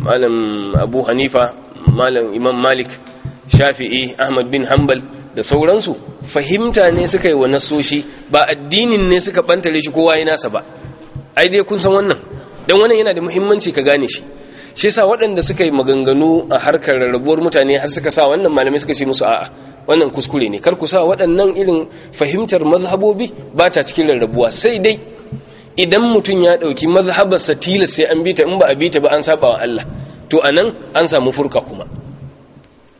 malam abu hanifa malam imam malik shafi'i ahmad bin hanbal da sauransu fahimta ne suka yi wa nasoshi ba addinin ne suka bantare shi kowa ya nasa ba ai dai kun san wannan dan wannan yana da muhimmanci ka gane shi shi yasa waɗanda suka yi maganganu a harkar rarrabuwar mutane har suka sa wannan malamai suka ce musu a'a wannan kuskure ne kar ku sa waɗannan irin fahimtar mazhabobi ba ta cikin rarrabuwa sai dai idan mutum ya ɗauki mazhabarsa tilas sai an ta in ba a bi ta ba an saba wa Allah to anan an samu furka kuma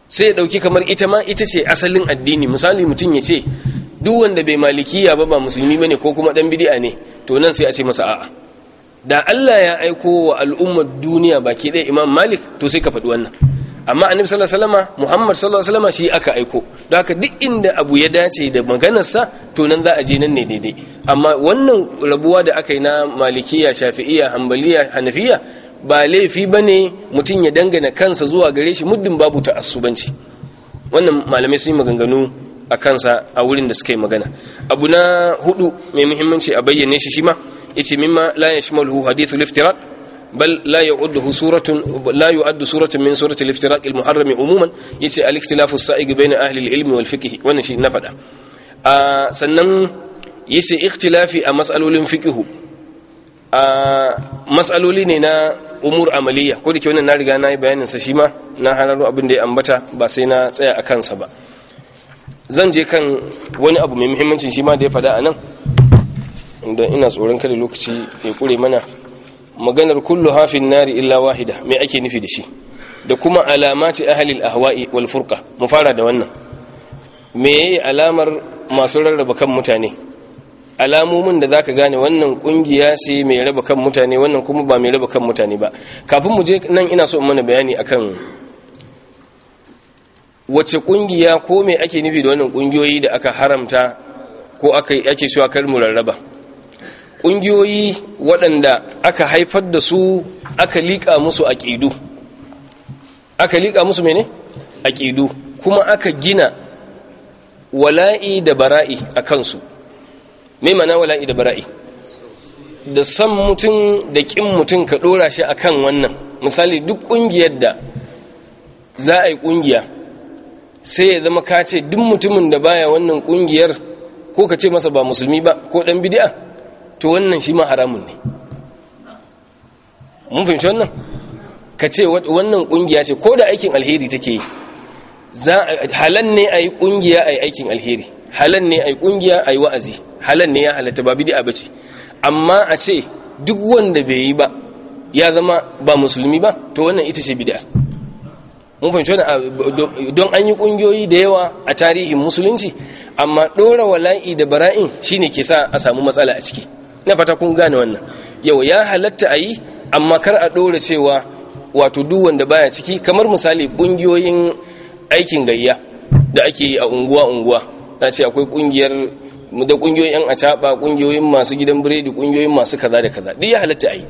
sai ya dauki kamar ita ma ita ce asalin addini misali mutum ya ce duk wanda bai malikiya ba ba musulmi bane ko kuma dan bid'a ne to nan sai a ce masa a'a da Allah ya aiko wa al'ummar duniya baki ɗaya Imam Malik to sai ka faɗi wannan amma annabi sallallahu alaihi wasallam Muhammad sallallahu alaihi wasallam shi aka aiko don haka duk inda abu ya dace da maganarsa to nan za a je nan ne daidai amma wannan rabuwa da aka yi na malikiya shafi'iya hanbaliya hanafiya ba laifi ba ne mutum ya dangana kansa zuwa gare shi muddin babu ta'assubanci wannan malamai sun yi maganganu a kansa a wurin da suka yi magana abu na hudu mai muhimmanci a bayyane shi shi ma ce mimma la shi malhu hadithu liftirak bal la ya suratun la ya suratun min surati liftirak ilmuharrami umuman ice al ikhtilafu sa'ig bayna ahli ilmi wal fiqh wannan shi na faɗa sannan yace iktilafi a matsalolin fiqh matsaloli ne na umur amaliya ko da ke wannan na riga na yi bayaninsa shi ma na hararo abin da ya ambata ba sai na tsaya a kansa ba zan je kan wani abu mai muhimmancin shi ma da ya fada a nan inda ina tsoron kada lokaci ya kure mana maganar kullu hafin nari illa wahida mai ake nufi da shi da kuma alamati ahalil ahwa'i wal furqa mu fara da wannan me alamar masu rarraba kan mutane alamomin da zaka gane wannan kungiya ce mai raba kan mutane wannan kuma ba mai raba kan mutane ba kafin mu je nan ina so mana bayani akan wace kungiya ko me ake nufi da wannan kungiyoyi da aka haramta ko aka ake so mu rarraba. kungiyoyi waɗanda aka haifar da su aka liƙa musu aqidu aka liƙa musu mene aqidu kuma aka gina wala'i da bara'i a kansu mai mana wala da bara'i da san mutum da ƙin mutum ka ɗora shi a kan wannan misali duk ƙungiyar da za a yi ƙungiya sai ya zama ka ce duk mutumin da baya wannan ƙungiyar ko ka ce masa ba musulmi ba ko ɗan bidi'a to wannan shi ma haramun ne mun fahimci wannan ka ce wannan ƙungiya ce ko da aikin alheri take yi halal ne a yi ƙungiya a yi aikin alheri halan ne ai kungiya ai wa'azi halan ne ya halatta ba bid'a bace amma a ce duk wanda bai yi ba ya zama ba musulmi ba to wannan ita ce bid'a mun fahimci wannan don an yi kungiyoyi da yawa a tarihin musulunci amma ɗora wala'i da bara'in shine ke sa a samu matsala a ciki na fata kun gane wannan yau ya halatta a yi amma kar a dora cewa wato duk wanda baya ciki kamar misali ƙungiyoyin aikin gayya da ake yi a unguwa unguwa na ce akwai kungiyar da kungiyoyin yan acaba kungiyoyin masu gidan biredi kungiyoyin masu kaza da kaza duk ya halatta ayi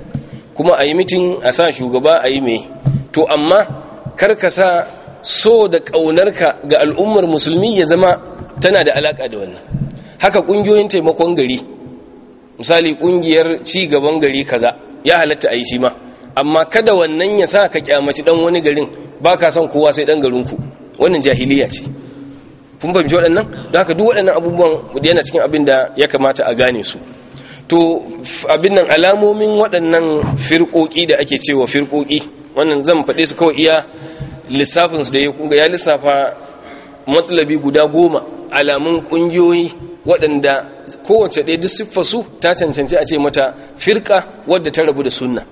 kuma ayi mitin a sa shugaba ayi me to amma kar ka sa so da ƙaunarka ga al'ummar musulmi ya zama tana da alaka da wannan haka kungiyoyin taimakon gari misali kungiyar ci gaban gari kaza ya halatta ayi shi ma amma kada wannan ya sa ka kyamaci dan wani garin baka son kowa sai dan garinku wannan jahiliya ce kun ban waɗannan da haka duk waɗannan abubuwan da yana cikin abin da ya kamata a gane su to abin nan alamomin waɗannan firƙoƙi da ake cewa firƙoƙi wannan zan faɗe su kawai iya lissafin su da ya kunga ya lissafa matsalabi guda goma alamun ƙungiyoyi waɗanda kowace ɗaya duk siffa su ta cancanci a ce mata firƙa wadda ta rabu da sunna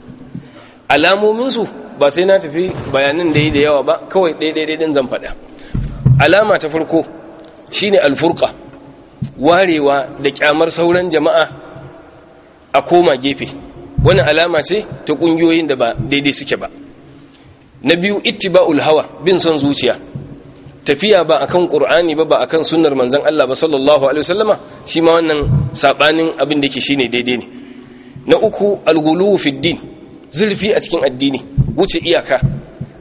alamominsu ba sai na tafi bayanan da yi da yawa ba kawai ɗaya ɗaya ɗin zan faɗa alama ta farko shine alfurqa warewa da kyamar sauran jama'a a koma gefe wannan alama ce ta kungiyoyin da ba daidai suke ba na biyu ittiba'ul hawa bin son zuciya tafiya ba akan qur'ani ba ba akan sunnar manzon Allah ba sallallahu alaihi wasallama shi ma wannan sabanin abin da yake shine daidai ne na uku alghulu fid din zurfi a cikin addini wuce iyaka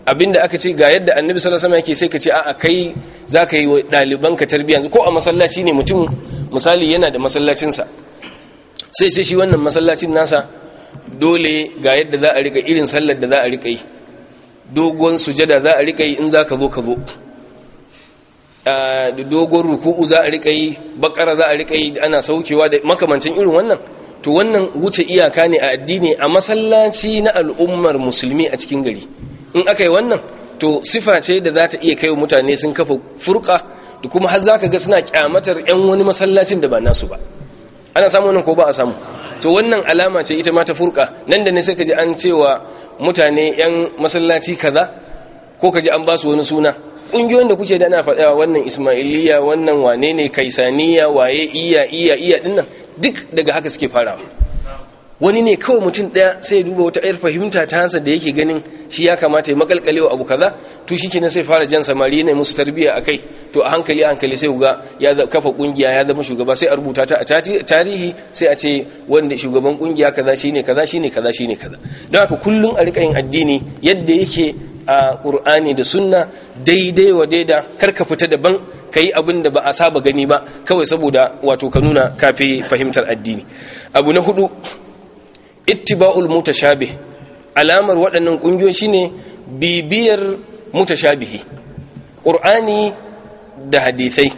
abinda aka ce ga yadda annabi sallallahu alaihi wasallam yake sai ka ce a kai zaka yi wa ka tarbiyya ko a masallaci ne mutum misali yana da masallacin sa sai sai shi wannan masallacin nasa dole ga yadda za a rika irin sallar da za a rika yi dogon sujada za a rika yi in zaka zo ka zo dogon ruku'u za a rika yi bakara za a rika yi ana saukewa da makamancin irin wannan to wannan wuce iyaka ne a addini a masallaci na al'ummar musulmi a cikin gari in aka yi wannan to sifa ce da za ta iya kai wa mutane sun kafa furka da kuma har za ka ga suna kyamatar 'yan wani masallacin da ba nasu ba ana samu wannan ko ba a samu to wannan alama ce ita ma ta furka nan da ne sai ka ji an cewa mutane 'yan masallaci kaza ko ka ji an ba su wani suna ƙungiyoyin da kuke da ana faɗawa wannan ismailiya wannan wane ne kaisaniya waye iya iya iya dinnan duk daga haka suke farawa wani ne kawai mutum ɗaya sai ya duba wata ɗayar fahimta ta hansa da yake ganin shi ya kamata ya makalkale wa abu kaza to shi kenan sai fara jan samari ne musu tarbiyya a kai to a hankali a hankali sai ga ya kafa kungiya ya zama shugaba sai a rubuta ta a tarihi sai a ce wanda shugaban kungiya kaza shi ne, kaza shi ne, kaza shi ne, kaza don haka kullum a rika yin addini yadda yake a ƙur'ani da sunna daidai wa daida kar ka fita daban ka yi abin da ba a saba gani ba kawai saboda wato ka nuna kafi fahimtar addini abu na hudu ittiba'ul mutashabih alamar waɗannan ƙungiyoyi shine bibiyar mutashabihi ƙur'ani da hadisai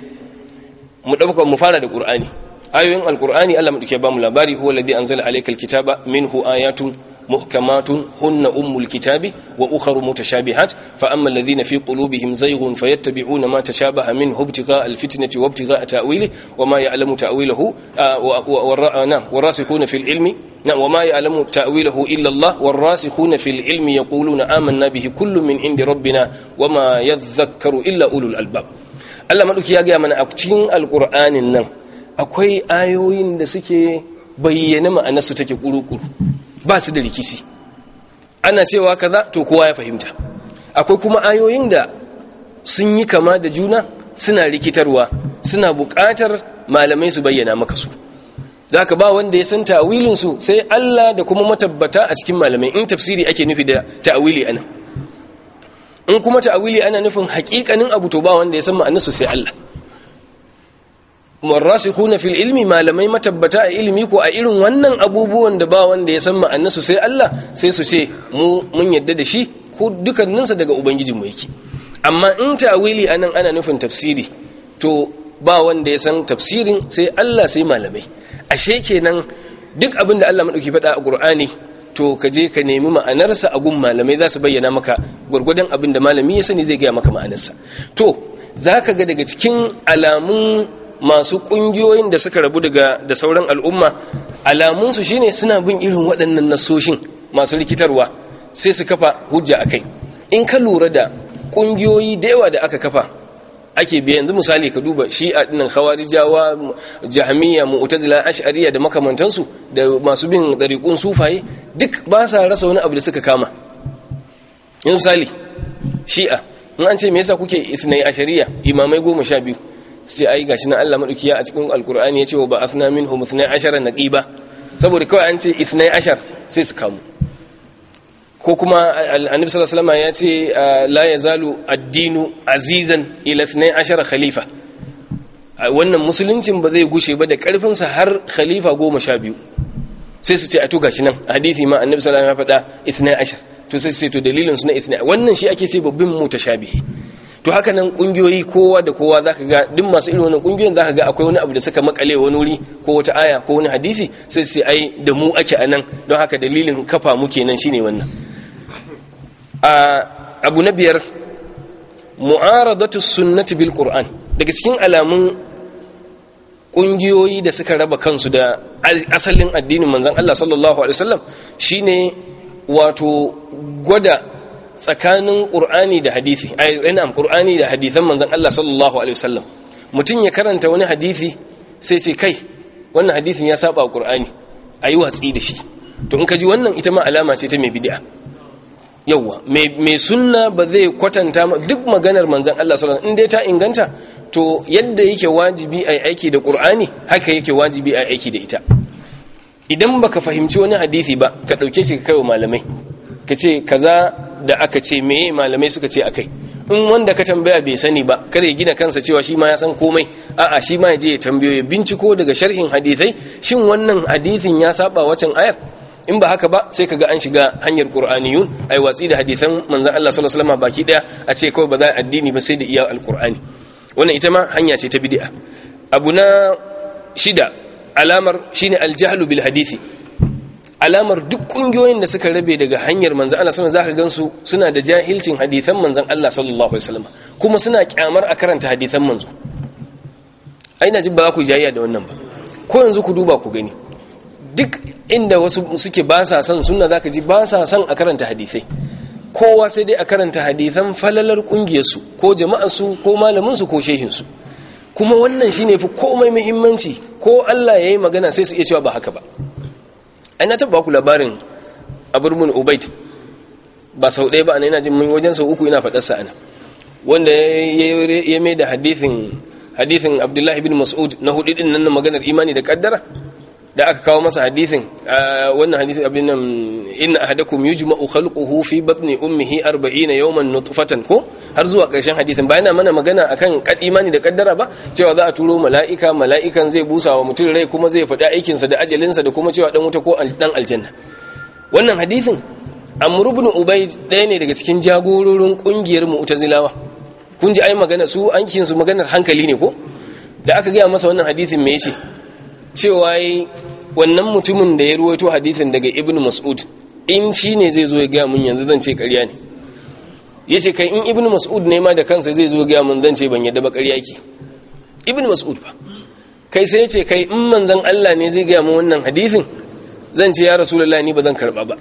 mu ɗauka mu fara da ƙur'ani ayoyin alkur'ani Allah mu duke ba mu labari huwa alladhi anzala alaykal kitaba minhu ayatun muhkamatun hunna ummul kitabi wa ukharu mutashabihat fa amma alladhina fi qulubihim zayghun fayattabi'una ma tashabaha minhu ibtigha'a alfitnati wa ibtigha'a ta'wili wa ma ya'lamu ta'wilahu wa rasikhuna fil ilmi wa ma ya'lamu ta'wilahu illa Allah warasikhuna fil ilmi yaquluna amanna bihi kullu min indi rabbina wa ma yadhakkaru illa ulul albab Allah maduki ya ga mana a cikin alkur'anin nan akwai ayoyin da suke bayyana ma'anarsu take kurukuru ba su da rikici. ana cewa kaza to kowa ya fahimta akwai kuma ayoyin da sun yi kama da juna suna rikitarwa suna buƙatar malamai su bayyana maka su za ka ba wanda ya san ta'awilinsu sai Allah da kuma matabbata a cikin malamai in tafsiri ake nufi da ta'awili anan in kuma ta'awili ana nufin haƙiƙanin abu to ba wanda ya san ma'anarsu sai Allah warasikhuna fil ilmi malamai matabbata a ilimi ko a irin wannan abubuwan da ba wanda ya san ma'annansu sai Allah sai su ce mu mun yadda da shi ko sa daga ubangijinmu yake amma in tawili anan ana nufin tafsiri to ba wanda ya san tafsirin sai Allah sai malamai ashe kenan duk abin da Allah madauki faɗa a Qur'ani to ka je ka nemi ma'anarsa a gun malamai za su bayyana maka gwargwadon abin da malami ya sani zai gaya maka ma'anarsa to zaka ga daga cikin alamun masu kungiyoyin da suka rabu daga da sauran al'umma alamunsu shine suna bin irin waɗannan nasoshin masu rikitarwa sai su kafa hujja a kai. in ka lura da kungiyoyi da yawa da aka kafa ake biya yanzu misali ka duba shi'a dinnan khawarijawa jahmiya mu'tazila ash'ariya da makamantansu da masu bin dariqun sufaye duk ba sa rasa wani abu da suka kama yanzu misali shi'a in an ce me yasa kuke ithnai ashariya imamai sha biyu. sai ai gashi nan Allah madauki ya a cikin alqur'ani ya ce wa ba afna minhum 12 naqiba saboda kawai an ce 12 sai su kamu ko kuma annabi sallallahu alaihi ya ce la yazalu ad-dinu azizan ila 12 khalifa wannan musuluncin ba zai gushe ba da karfin sa har khalifa 12 sai su ce a to gashi nan hadisi ma annabi sallallahu alaihi ya faɗa 12 to sai su ce to dalilin su na 12 wannan shi ake sai babbin mutashabihi to haka nan kungiyoyi kowa da kowa zaka ga duk masu irin wannan kungiyoyin zaka ga akwai wani abu da suka makale wani wuri ko wata aya ko wani hadisi sai sai ai da mu ake anan don haka dalilin kafa mu kenan shine wannan a abu na biyar mu'aradatu sunnati bil qur'an daga cikin alamun kungiyoyi da suka raba kansu da asalin addinin manzon Allah sallallahu alaihi wasallam shine wato gwada tsakanin qur'ani da hadisi ai na'am qur'ani da hadisan manzon Allah sallallahu alaihi wasallam mutun ya karanta wani hadisi sai sai kai wannan hadisin ya saba qur'ani ayi watsi da shi to in ka ji wannan ita ma alama ce ta mai bid'a yawwa mai sunna ba zai kwatanta duk maganar manzon Allah sallallahu alaihi wasallam in dai ta inganta to yadda yake wajibi ai aiki da qur'ani haka yake wajibi ai aiki da ita idan baka fahimci wani hadisi ba ka dauke shi ka kai wa malamai ka ce kaza da aka ce me malamai suka ce akai in wanda ka tambaya bai sani ba ya gina kansa cewa shi ma ya san komai a'a shi ma ya je ya tambayo ya binciko daga sharhin hadisai shin wannan hadisin ya saba wacan ayar in ba haka ba sai kaga an shiga hanyar qur'aniyun ai watsi da hadisan manzon Allah sallallahu alaihi wasallam baki daya a ce kawai ba za a addini ba sai da iya alqur'ani wannan ita ma hanya ce ta bid'a abu na shida alamar shine aljahlu bil hadisi alamar duk kungiyoyin da suka rabe daga hanyar manzo Allah sallallahu alaihi gansu suna da jahilcin hadithan manzan Allah sallallahu alaihi wasallam kuma suna kyamar a karanta hadithan manzo ai na ji ba ku jayya da wannan ba ko yanzu ku duba ku gani duk inda wasu suke ba sa son sunna zaka ji ba sa son a karanta hadisai kowa sai dai a karanta hadithan falalar kungiyarsu ko jama'arsu ko malamin su ko su kuma wannan shine fi komai muhimmanci ko Allah yayi magana sai su iya cewa ba haka ba ai na taba ku labarin aburmun ubaid ba sau ɗaya ba ana yana jin wajen sau uku ina faɗarsa ana wanda ya mai da hadithin abdullahi bin mas'ud na hudu ɗin nan maganar imani da kaddara da aka kawo masa hadisin wannan hadisin abin nan inna ahadakum yujma'u khalquhu fi batni ummihi 40 yawman nutfatan ko har zuwa ƙarshen hadisin ba yana mana magana akan kadimani da kaddara ba cewa za a turo mala'ika mala'ikan zai busa wa mutum rai kuma zai faɗi aikinsa da ajalinsa da kuma cewa dan wuta ko dan aljanna wannan hadisin amr ibn ubayd ɗaya ne daga cikin jagororin kungiyar mu'tazilawa kun ji ai magana su ankin su maganar hankali ne ko da aka gaya masa wannan hadisin me yace cewa yi wannan mutumin da ya ruwaito hadisin daga ibn mas'ud in shi ne zai zo ya gaya mun yanzu zan ce karya ne ya ce kai in ibn mas'ud ne ma da kansa zai zo gaya mun zan ce ban yadda ba karya ke ibn mas'ud ba kai sai ya ce kai in manzan allah ne zai gaya mun wannan hadisin zan ce ya rasulullah ni ba zan karba ba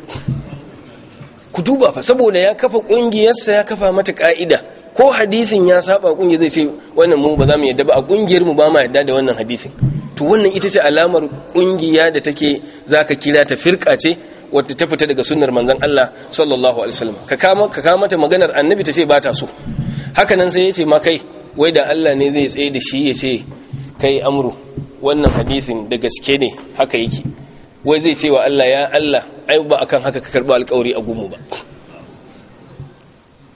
ku duba fa saboda ya kafa ƙungiyarsa ya kafa mata ka'ida ko hadisin ya saba kungiyar zai ce wannan mu ba za mu yadda ba a kungiyar mu ba ma yadda da wannan hadisin to wannan ita ce alamar kungiya da take zaka kira ta firqa ce wadda ta fita daga sunnar manzon Allah sallallahu alaihi wasallam ka kama ka kama ta maganar annabi ta ce ba ta so haka nan sai yace ma kai wai da Allah ne zai tsaye da shi yace kai amru wannan hadisin da gaske ne haka yake wai zai ce wa Allah ya Allah ai ba akan haka ka karba alƙawari a gumu ba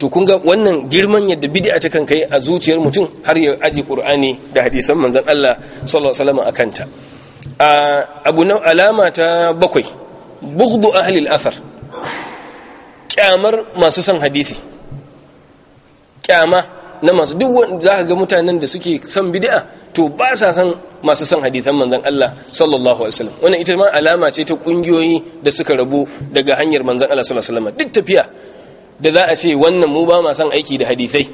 to kun ga wannan girman yadda bid'a ta kan kai a zuciyar mutum har ya aji qur'ani da hadisan manzon Allah sallallahu alaihi wasallam akanta abu na alama ta bakwai bughdu ahli al-athar kyamar masu son hadisi kyama na masu duk wanda za ga mutanen da suke son bid'a to ba sa son masu son hadisan manzon Allah sallallahu alaihi wasallam wannan ita ma alama ce ta kungiyoyi da suka rabu daga hanyar manzon Allah sallallahu alaihi wasallam duk tafiya da za a ce wannan mu ba ma son aiki da hadisai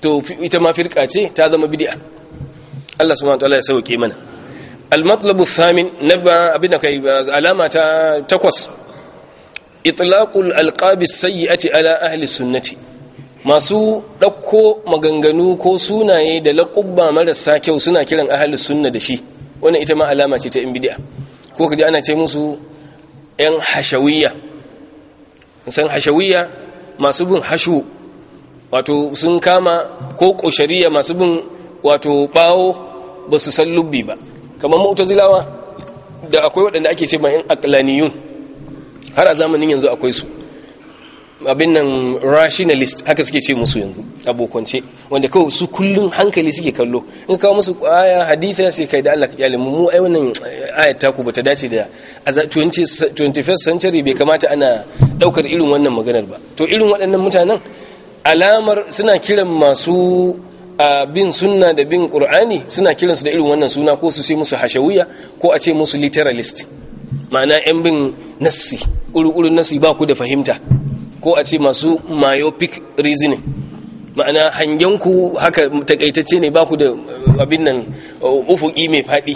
to ita ma firka ce ta zama bid'a Allah subhanahu wataala ya sauke mana al-matlabu thamin naba abin da kai alama ta takwas itlaqul alqabi sayyi'ati ala ahli sunnati masu dauko maganganu ko sunaye da laƙubba marasa kyau suna kiran ahli sunna da shi wannan ita ma alama ce ta in bid'a ko kaje ana ce musu ‘yan hashawiyya san hashawiyya masu bin hashu wato sun kama ko ƙoshariya masu bin wato ɓawo ba su san lubbi ba kamar zilawa da akwai waɗanda ake ce ma'in akalaniyun har a zamanin yanzu akwai su abin nan rationalist haka suke ce musu yanzu abokance wanda kawai su kullum hankali suke kallo in kawo musu aya haditha sai kai da Allah ya limu mu ai wannan ayat taku bata dace da a 21st century bai kamata ana daukar irin wannan maganar ba to irin waɗannan mutanen alamar suna kiran masu bin sunna da bin qur'ani suna kiransu da irin wannan suna ko su sai musu hashawiya ko a ce musu literalist ma'ana yan bin nassi ƙuruƙurin nassi ba ku da fahimta ko a ce masu myopic reasoning ma'ana hangen ku haka takaitacce ne ba ku da eh, abin nan eh, ufuki mai faɗi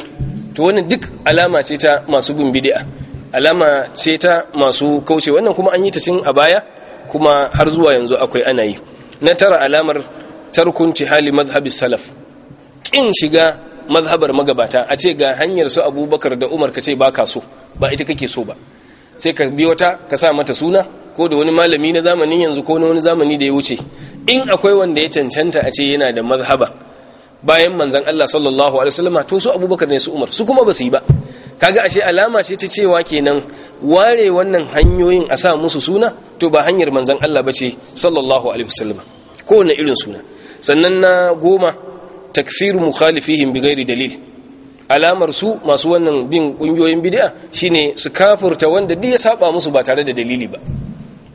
to wannan duk alama ce ta masu bin bid'a alama ce ta masu kauce wannan kuma an yi ta cin a baya kuma har zuwa yanzu akwai ana yi na tara alamar tarkun hali mazhabi salaf kin shiga mazhabar magabata a ce ga hanyar su abubakar da umar ka ce ba ka so ba ita kake so ba sai ka bi wata ka sa mata suna ko da wani malami na zamanin yanzu ko na wani zamani da ya wuce in akwai wanda ya cancanta a ce yana da mazhaba bayan manzan Allah sallallahu alaihi wasallam to su Abubakar ne su Umar su kuma ba su yi ba kaga ashe alama ce ta cewa kenan ware wannan hanyoyin a sa musu suna to ba hanyar manzan Allah bace sallallahu alaihi wasallam kowane irin suna sannan na goma takfiru mukhalifihim bighairi dalil alamar su masu wannan bin kungiyoyin bid'a shine su kafurta wanda duk ya saba musu ba tare da dalili ba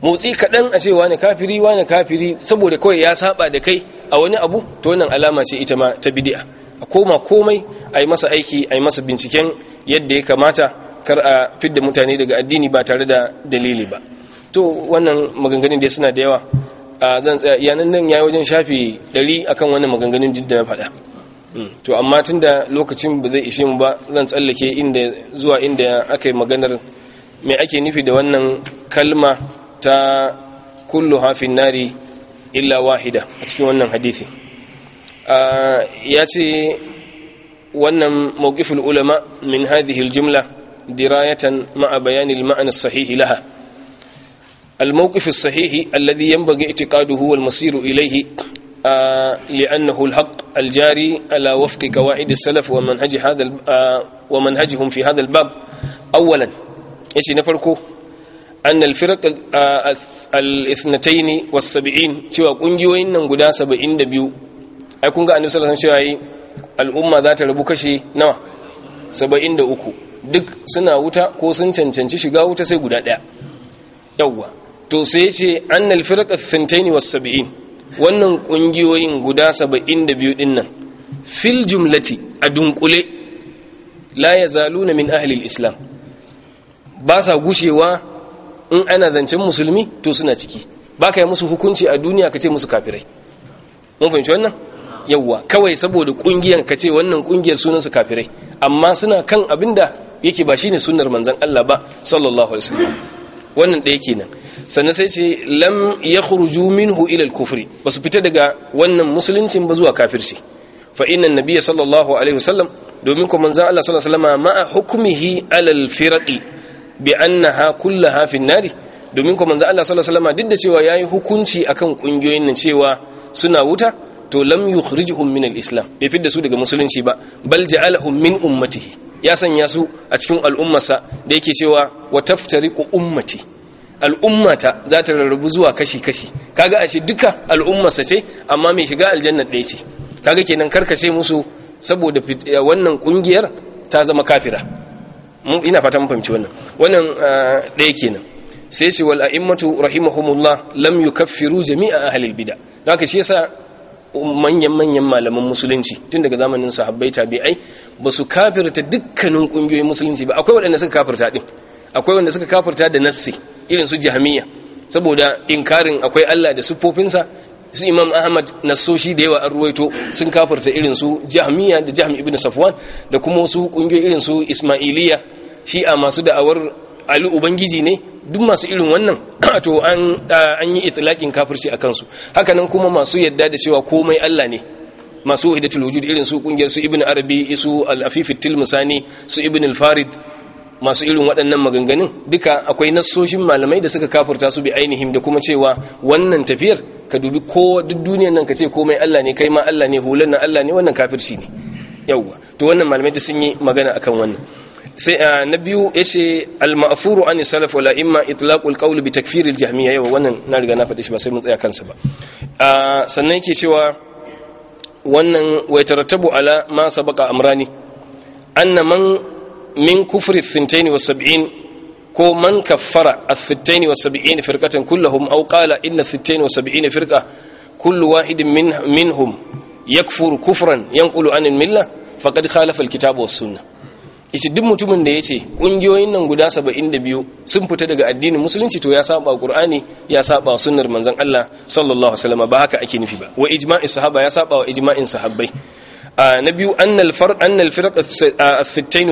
motsi kaɗan a cewa wani kafiri wani kafiri saboda kawai ya saba da kai a wani abu to wannan alama ce ita ma ta bidi'a. a koma komai a yi masa aiki a yi masa binciken yadda ya kamata kar a fidda mutane daga addini ba tare da dalili ba to wannan maganganun da suna da yawa a zan tsaya iyanan nan yayi wajen shafi 100 akan wannan maganganun da na faɗa to amma tunda lokacin ba zai ishe mu ba zan tsallake inda zuwa inda aka yi maganar mai ake nufi da wannan kalma ta kullu hafin nari illa wahida a cikin wannan hadithi ya ce wannan mawqiful ulama min hadhihi aljumla dirayatan ma'a bayanil ma'ana sahihi laha الموقف الصحيح الذي ينبغي اعتقاده والمصير إليه لأنه الحق الجاري على وفق قواعد السلف ومنهج هذا ومنهجهم في هذا الباب أولا إيش نفرقه أن الفرق الاثنتين والسبعين سوى قنجوين ننقدا سبعين دبيو أكون قاعد نفسه لهم سوى الأمة ذات ربكشي نوع سبعين دأكو duk suna wuta ko sun cancanci shiga wuta sai guda ɗaya yawwa to sai ce annal firqa thintaini was wannan ƙungiyoyin guda saba'in da biyu ɗin fil jumlati a dunkule la ya zaluna min ahalil islam ba sa gushewa in ana zancen musulmi to suna ciki ba ka yi musu hukunci a duniya ka ce musu kafirai mun fahimci wannan yawwa kawai saboda ƙungiyar ka ce wannan ƙungiyar sunansu kafirai amma suna kan abinda yake ba shi ne sunar manzan Allah ba sallallahu alaihi wasallam wannan ɗaya kenan sannan sai ce lam khuruju minhu ila al-kufri basu fita daga wannan musuluncin ba zuwa kafirci fa inna nabiyya sallallahu alaihi wasallam domin kuma manzo Allah sallallahu alaihi wasallama ma hukmihi ala al firqi bi annaha kullaha fi an domin kuma Allah sallallahu alaihi duk da cewa yayi hukunci akan kungiyoyin nan cewa suna wuta to lam yukhrijuhum min al-islam bai da su daga musulunci ba bal ja'alahum min ummatihi ya sanya su a cikin al'ummarsa da yake cewa wa ku ummati al'ummata za ta rarrabu zuwa kashi-kashi kaga a ce duka al'ummarsa ce amma mai shiga aljanna ɗaya ce kaga kenan karkace musu saboda eh, wannan ƙungiyar ta zama kafira ina fata mun fahimci wannan wannan eh, ɗaya kenan sai shi wal a'immatu rahimahumullah lam yukaffiru jami'a ahlil bid'a haka shi yasa manyan-manyan malaman musulunci tun daga zamanin sahabbai tabi'ai ba su kafirta dukkanin ƙungiyoyin musulunci ba akwai waɗanda suka kafirta din akwai wanda suka kafirta da nassi irin su jahmiya saboda inkarin akwai Allah da siffofinsa su imam ahmad nasoshi da yawa an ruwaito sun kafarta irin su jahmiya da jahmi ibn safwan da kuma wasu ƙungiyoyi irin su ismailiya shi'a masu da'awar ali ubangiji ne duk masu irin wannan to an an yi itlaqin kafirci a kansu hakanan kuma masu yadda da cewa komai Allah ne masu wahidatul wujud irin su kungiyar su ibn arabi isu al-afif tilmusani su ibn al-farid masu irin waɗannan maganganun duka akwai nasoshin malamai da suka kafurta su bi ainihin da kuma cewa wannan tafiyar ka dubi ko duk duniyar nan ka ce komai Allah ne kai ma Allah ne hulan nan Allah ne wannan kafirci ne yawwa to wannan malamai da sun yi magana akan wannan sai ah, na biyu ce al-ma'furu an salaf wala imma itlaqul qawl bi takfir al-jahmiyya yau wannan na riga na faɗi shi ba sai mun tsaya kansa ba ah, sannan yake cewa wannan wa yatarattabu ala ma sabaqa amrani anna man min kufri thintain wa sab'in ko man kaffara al-thintain wa sab'in firqatan kulluhum aw qala inna thintain wa sab'in firqa kullu wahidin minhum yakfuru kufran yanqulu anil milla faqad khalafa al kitabu was sunnah yace duk mutumin da yace kungiyoyin nan guda 72 sun fita daga addinin musulunci to ya saba qur'ani ya saba sunnar manzon Allah sallallahu alaihi wasallam ba haka ake nufi ba wa ijma'in sahaba ya saba wa ijma'in sahabbai na biyu annal farq annal firq al-sittain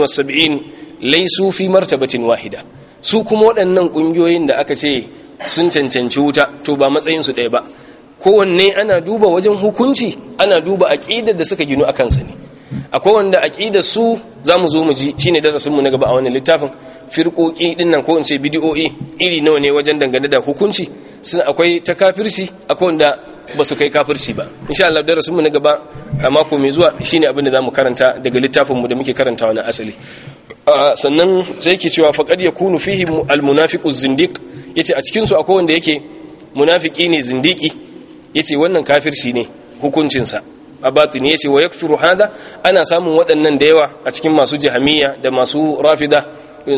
laysu fi martabatin wahida su kuma waɗannan kungiyoyin da aka ce sun cancanci wuta to ba matsayin su ɗaya ba kowanne ana duba wajen hukunci ana duba aqidar da suka ginu akan sa ne akwai wanda aqida su zamu zo mu ji shine darasin mu na gaba a wannan littafin firqoqi ɗin nan ko in ce bidiyo'i iri nawa ne wajen dangane da hukunci sun akwai ta kafirci akwai wanda ba su kai kafirci ba insha Allah darasin mu na gaba a mako mai zuwa shine abin da za mu karanta daga littafinmu da muke karanta wani asali sannan sai ke cewa ya kunu fihi almunafiqu zindiq yace a cikin su akwai wanda yake munafiki ne zindiki yace wannan kafirci ne hukuncinsa a batini ce wa kuturu hada ana samun waɗannan da yawa a cikin masu jihamiya da masu rafida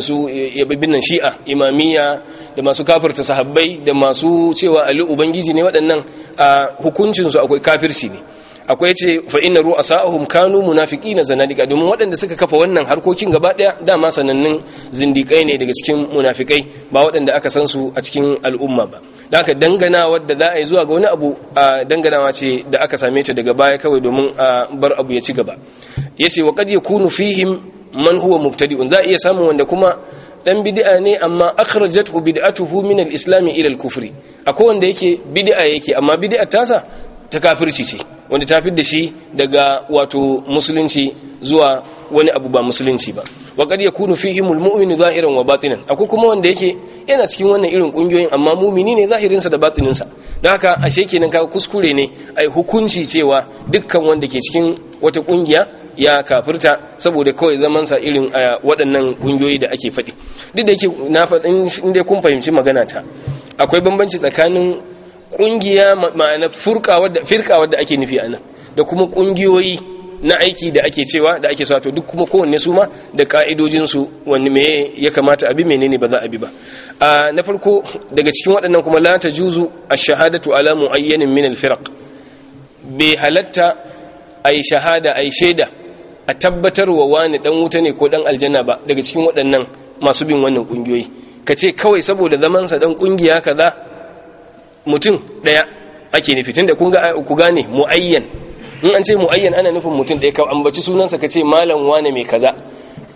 su eh, binan shi'a imamiya da masu kafirta sahabbai da masu cewa ali ubangiji ne waɗannan a hukuncinsu akwai kafirci ne akwai ce fa inna ru'asa'uhum kanu munafiqina zanadika domin waɗanda suka kafa wannan harkokin gaba daya dama sanannun zindikai ne daga cikin munafikai ba waɗanda aka san su a cikin al'umma ba da aka dangana wadda za a yi zuwa ga wani abu a danganawa ce da aka same ta daga baya kawai domin a bar abu ya ci gaba yace wa qad yakunu fihim man huwa mubtadi'un za a iya samun wanda kuma dan bid'a ne amma akhrajathu bid'atuhu min al-islam ila al-kufri akwai wanda yake bid'a yake amma bid'a tasa ta kafirci ce wanda ta fidda shi daga wato musulunci zuwa wani abu ba musulunci ba wa kad yakunu fihi almu'minu zahiran wa batinan akwai kuma wanda yake yana cikin wannan irin kungiyoyin amma mumini ne zahirin sa da batinin sa don haka ashe kenan kaga kuskure ne ai hukunci cewa dukkan wanda ke cikin wata kungiya ya kafirta saboda kawai zaman sa irin eh, waɗannan kungiyoyi da ake faɗi duk da yake na faɗin inda kun fahimci magana ta akwai bambanci tsakanin kungiya ma'ana furka wadda firka wadda ake nufi anan da kuma kungiyoyi na aiki da ake cewa da ake sato duk kuma kowanne su ma da ka'idojin su wanne me ya kamata abi menene ba za a bi ba a na farko daga cikin waɗannan kuma la juzu ash-shahadatu ala mu'ayyanin min al-firq bi halatta ay shahada ay shaida a tabbatarwa wani dan wuta ne ko dan aljanna ba daga cikin waɗannan masu bin wannan kungiyoyi ce kawai saboda zamansa sa dan kungiya kaza mutum daya ake nufi tunda kun ga ku gane muayyan in an ce muayyan ana nufin mutum daya ka ambaci sunansa ka ce malam wane mai kaza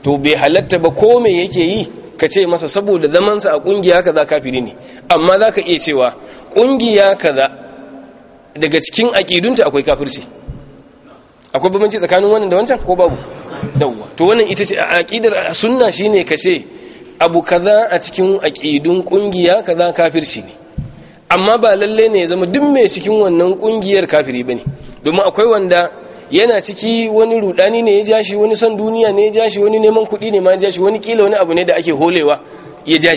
to bai halatta ba ko me yake yi ka ce masa saboda zamansa a kungiya kaza kafiri ne amma za ka iya cewa kungiya kaza daga cikin aƙidunta akwai kafirci akwai bambanci tsakanin wannan da wancan ko babu dawwa to wannan ita ce aƙidar sunna shine ka ce abu kaza a cikin aƙidun kungiya kaza kafirci ne amma ba lalle ne zama duk mai cikin wannan kungiyar kafiri bane domin akwai wanda yana ciki wani rudani ne ya ja wani san duniya ne ya ja wani neman kuɗi ne ma ya ja wani kila wani abu ne da ake holewa ya ja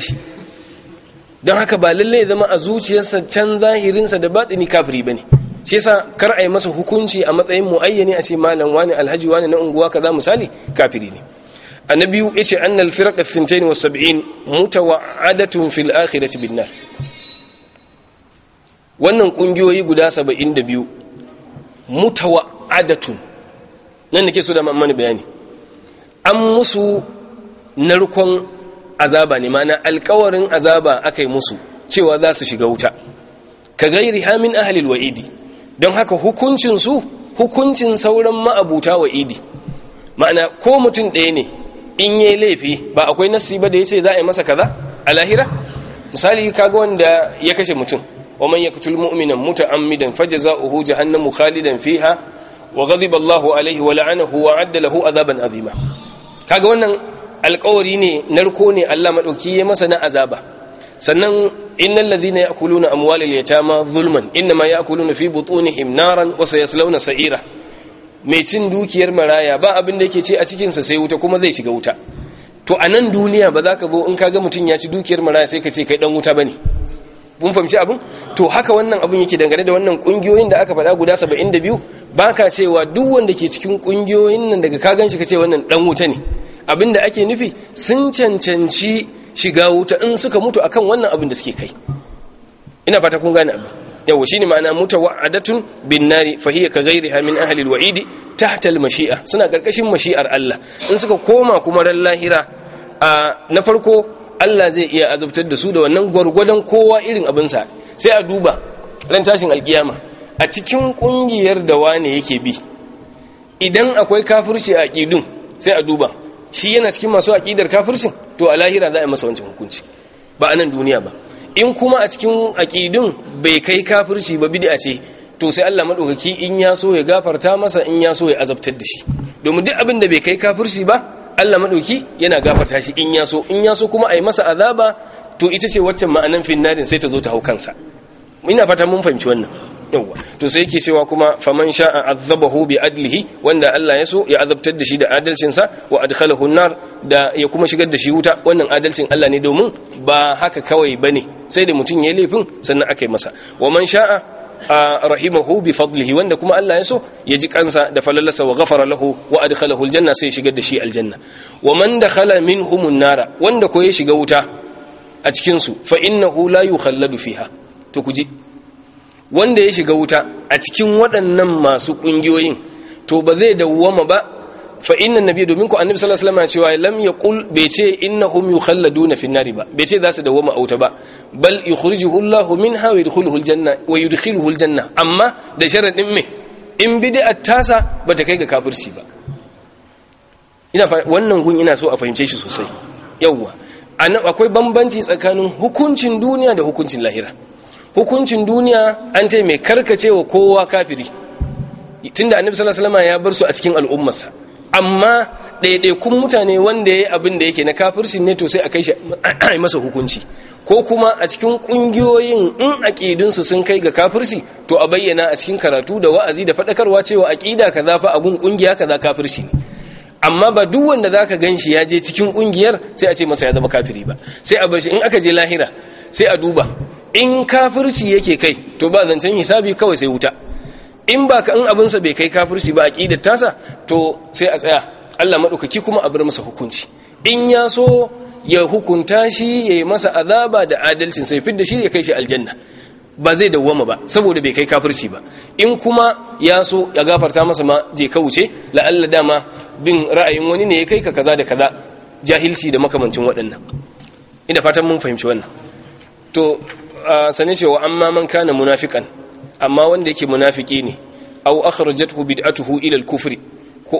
don haka ba lalle ya zama a zuciyarsa can zahirinsa da batini kafiri bane shi yasa kar a yi masa hukunci a matsayin muayyani a ce malam wani alhaji wani na unguwa kaza misali kafiri ne annabi ce annal firaq ath sab'in mutawa'adatun fil akhirati bin nar wannan kungiyoyi guda saba'in da biyu mutawa adatun nan da ke so da mamman bayani an musu narkon azaba ne mana alkawarin azaba aka yi musu cewa za su shiga wuta ka gairi hamin ahalil wa'idi don haka hukuncinsu hukuncin sauran ma'abuta wa'idi ma'ana ko mutum ɗaya ne in yi laifi ba akwai nasi ba da ya ce za a yi masa kaza a lahira misali kaga wanda ya kashe mutum wa man yaqtul mu'mina muta'ammidan fajza'uhu jahannamu khalidan fiha wa ghadiba alaihi wa la'anahu wa lahu azaban azima kaga wannan alƙawari ne narko ne Allah madauki ya masa na azaba sannan innal ladhina ya'kuluna amwalal yatama zulman inma ya'kuluna fi butunihim naran wa sayaslawna sa'ira mai cin dukiyar maraya ba abin da yake ci a cikinsa sai wuta kuma zai shiga wuta to a nan duniya ba za ka zo in kaga mutum ya ci dukiyar maraya sai ka ce kai dan wuta ba ne mun fahimci abin to haka wannan abin yake dangane da wannan kungiyoyin da aka faɗa guda 72 baka cewa duk wanda ke cikin kungiyoyin nan daga ka ganshi kace wannan dan wuta ne abinda ake nufi sun cancanci shiga wuta in suka mutu akan wannan abin da suke kai ina fata kun gane abin yawa shine ma'ana wa'adatun bin nari fa hiya ka ha min ahli ta tahta mashi'a. suna karkashin mashi'ar Allah in suka koma kuma ran lahira na farko Allah zai iya azabtar da su da wannan gwargwadon kowa irin abinsa sai a duba ran tashin alkiyama a cikin kungiyar da wane yake bi idan akwai kafirci a aqidun sai a duba shi yana cikin masu aqidar kafircin to a lahira za a yi masa wancan hukunci ba a nan duniya ba in kuma a cikin aqidun bai kai kafirci ba bid'a ce to sai Allah madaukaki in ya so ya gafarta masa in ya so ya azabtar da shi domin duk abin da bai kai kafirci ba Allah madauki yana gafarta shi in yaso in yaso kuma a yi masa azaba to ita ce waccan ma'anan finnarin sai ta zo ta hau kansa ina fata mun fahimci wannan yawa to sai yake cewa kuma faman sha'a azabahu bi adlihi wanda Allah ya so ya azabtar da shi da adalcin sa wa adkhalahu nar da ya kuma shigar da shi wuta wannan adalcin Allah ne domin ba haka kawai bane sai da mutun yayi laifin sannan akai masa wa man sha'a A rahimahu bi fadlihi wanda kuma Allah ya so ya ji kansa da falalasa wa ghafara lahu wa adkhalahu aljanna sai shigar da shi aljanna wa man dakhala minhum an-nara wanda ko ya shiga wuta a cikin su fa innahu la yukhalladu fiha to kuje wanda ya shiga wuta a cikin waɗannan masu kungiyoyin to ba zai dawwama ba fa inna nabi domin ku annabi sallallahu alaihi wasallam wa lam yaqul bai ce innahum yukhalladuna fi nari ba bai ce za su dawoma auta ba bal yukhrijuhu Allahu minha wa yadkhuluhu aljanna wa yudkhiluhu aljanna amma da sharadin me in bid'a tasa ta kai ga kafirci ba ina wannan gun ina so a fahimce shi sosai yawwa akwai bambanci tsakanin hukuncin duniya da hukuncin lahira hukuncin duniya an ce mai karkacewa kowa kafiri tunda annabi sallallahu alaihi wasallam ya bar su a cikin al'ummarsa amma ɗaiɗaikun mutane wanda ya yi abin da yake na kafirci ne to sai a kai shi masa hukunci ko kuma a cikin ƙungiyoyin in aƙidinsu sun kai ga kafirci to a bayyana a cikin karatu da wa'azi da faɗakarwa cewa aƙida kaza fa abun ƙungiya ka za kafirci ne amma ba duk wanda za ka gan shi ya je cikin ƙungiyar sai a ce masa ya zama kafiri ba sai a bar shi in aka je lahira sai a duba in kafirci yake kai to ba zancen hisabi kawai sai wuta in ba ka in abinsa bai kai kafirci ba aqidar tasa to sai a tsaya Allah maɗaukaki kuma a bar masa hukunci in ya so ya hukunta shi ya yi masa azaba da adalcin sai fidda shi ya kai shi aljanna ba zai dawwama ba saboda bai kai kafirci ba in kuma ya so ya gafarta masa ma je ka wuce la'alla dama bin ra'ayin wani ne ya kai ka kaza da kaza jahilci da makamancin waɗannan ina fatan mun fahimci wannan to sane cewa amma man kana munafiqan amma wanda yake munafiki ne aw akhrajathu bid'atuhu ila al kufuri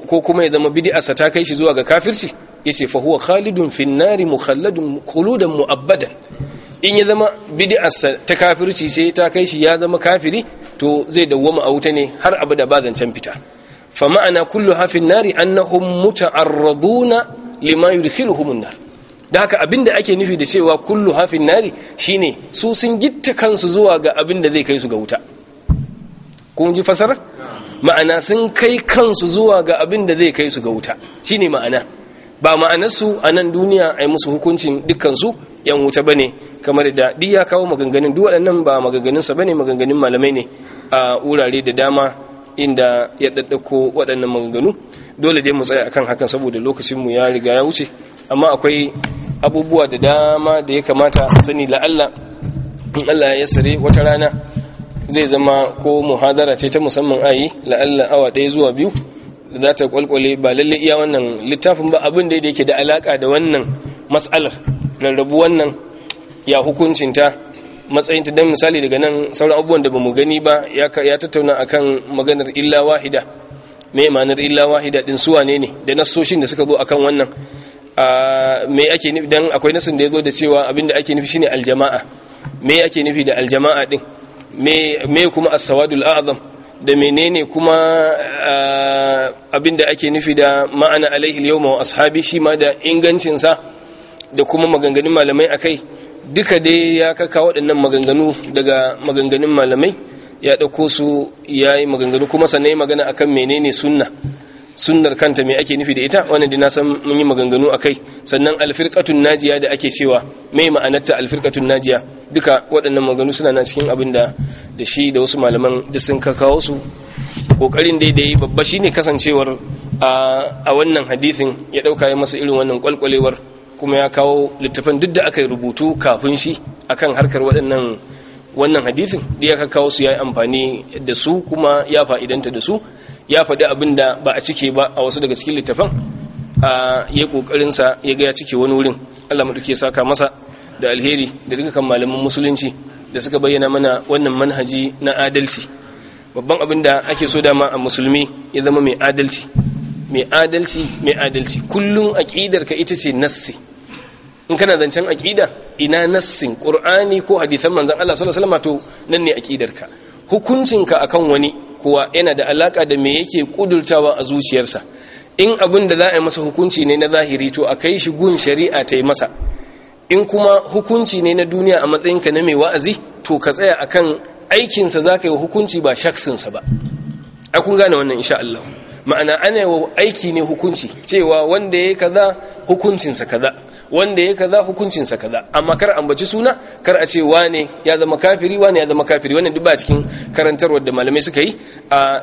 ko kuma ya zama bid'arsa ta kai shi zuwa ga kafirci yace fa huwa khalidun fin nari mukhalladun khuludan mu'abbadan in ya zama bid'arsa ta kafirci sai ta kai shi ya zama kafiri to zai dawwama a wuta ne har abada ba zancen fita fa ma'ana kullu hafin nari annahum muta'arraduna lima yudkhiluhum an-nar da haka abinda ake nufi da cewa kullu hafin nari shine su sun gitta kansu zuwa ga abinda zai kai su ga wuta kun ji fasar ma'ana sun kai kansu zuwa ga abin da zai kai su ga wuta shine ma'ana ba ma'anarsu a nan duniya a yi musu hukuncin dukkansu yan wuta bane kamar da duk ya kawo maganganun duk waɗannan ba maganganunsa bane maganganun malamai ne a wurare da dama inda ya ɗaɗɗako waɗannan maganganu dole dai mu tsaya akan hakan saboda lokacinmu ya riga ya wuce amma akwai abubuwa da dama da ya kamata a sani la'alla in Allah ya sare wata rana zai zama ko muhadara ce ta musamman ayi la'alla awa ɗaya zuwa biyu da za ta kwalkwale ba lalle iya wannan littafin ba abin da yake da alaka da wannan matsalar rarrabu wannan ya hukuncinta matsayin ta don misali daga nan sauran abubuwan da ba mu gani ba ya tattauna a kan maganar illa wahida mai manar illa wahida din su wane ne da nasoshin da suka zo a kan wannan me ake nufi dan akwai nasin da ya zo da cewa abinda ake nufi shine aljama'a me ake nufi da aljama'a din me kuma asawadul a'zam da menene kuma abinda ake nufi da ma'ana alaihi al-yawma wa ashabi shi ma da ingancin sa da kuma maganganun malamai akai duka dai ya kaka waɗannan maganganu daga maganganun malamai ya dauko su yayi yi maganganu kuma sanai magana akan menene sunna sunnar kanta me ake nufi da ita wannan dai na san mun yi maganganu akai sannan alfirqatun najiya da ake cewa mai ma'anarta alfirqatun najiya duka waɗannan maganganu suna nan cikin abin da da shi da wasu malaman duk sun kawo su kokarin dai da yi babba shine kasancewar a wannan hadisin ya dauka ya masa irin wannan kwalkwalewar kuma ya kawo littafin duk da aka rubutu kafin shi akan harkar waɗannan wannan hadisin da ya kawo su ya yi amfani da su kuma ya fa'idanta da su ya faɗi abin da ba a cike ba a wasu daga cikin littafan a ya ƙoƙarinsa ya ga ya cike wani wurin allah maɗauke saka masa da alheri da dukkan malaman musulunci da suka bayyana mana wannan manhaji na adalci babban abin da ake so dama a musulmi ya zama mai adalci mai adalci mai adalci kullum aƙidar ka ita ce nassi in kana zancen aƙida ina nassin ƙur'ani ko hadisan manzan? Allah sallallahu alaihi wasallam to nan ne aƙidar ka hukuncin ka akan wani kuwa yana da alaka da me yake kudurtawa a zuciyarsa in abin da za a yi masa hukunci ne na zahiri to a kai shi gun shari'a ta yi masa in kuma hukunci ne na duniya a matsayinka na mai wa'azi to ka tsaya a kan aikinsa za ka yi hukunci ba shaksinsa ba a kun gane wannan insha Allah ma'ana ana yi aiki ne hukunci cewa wanda ya yi kaza hukuncinsa kaza wanda ya kaza hukuncinsa kaza amma kar ambaci suna kar a ce wane ya zama kafiri wane ya zama kafiri wannan duk ba cikin karantarwa da malamai suka yi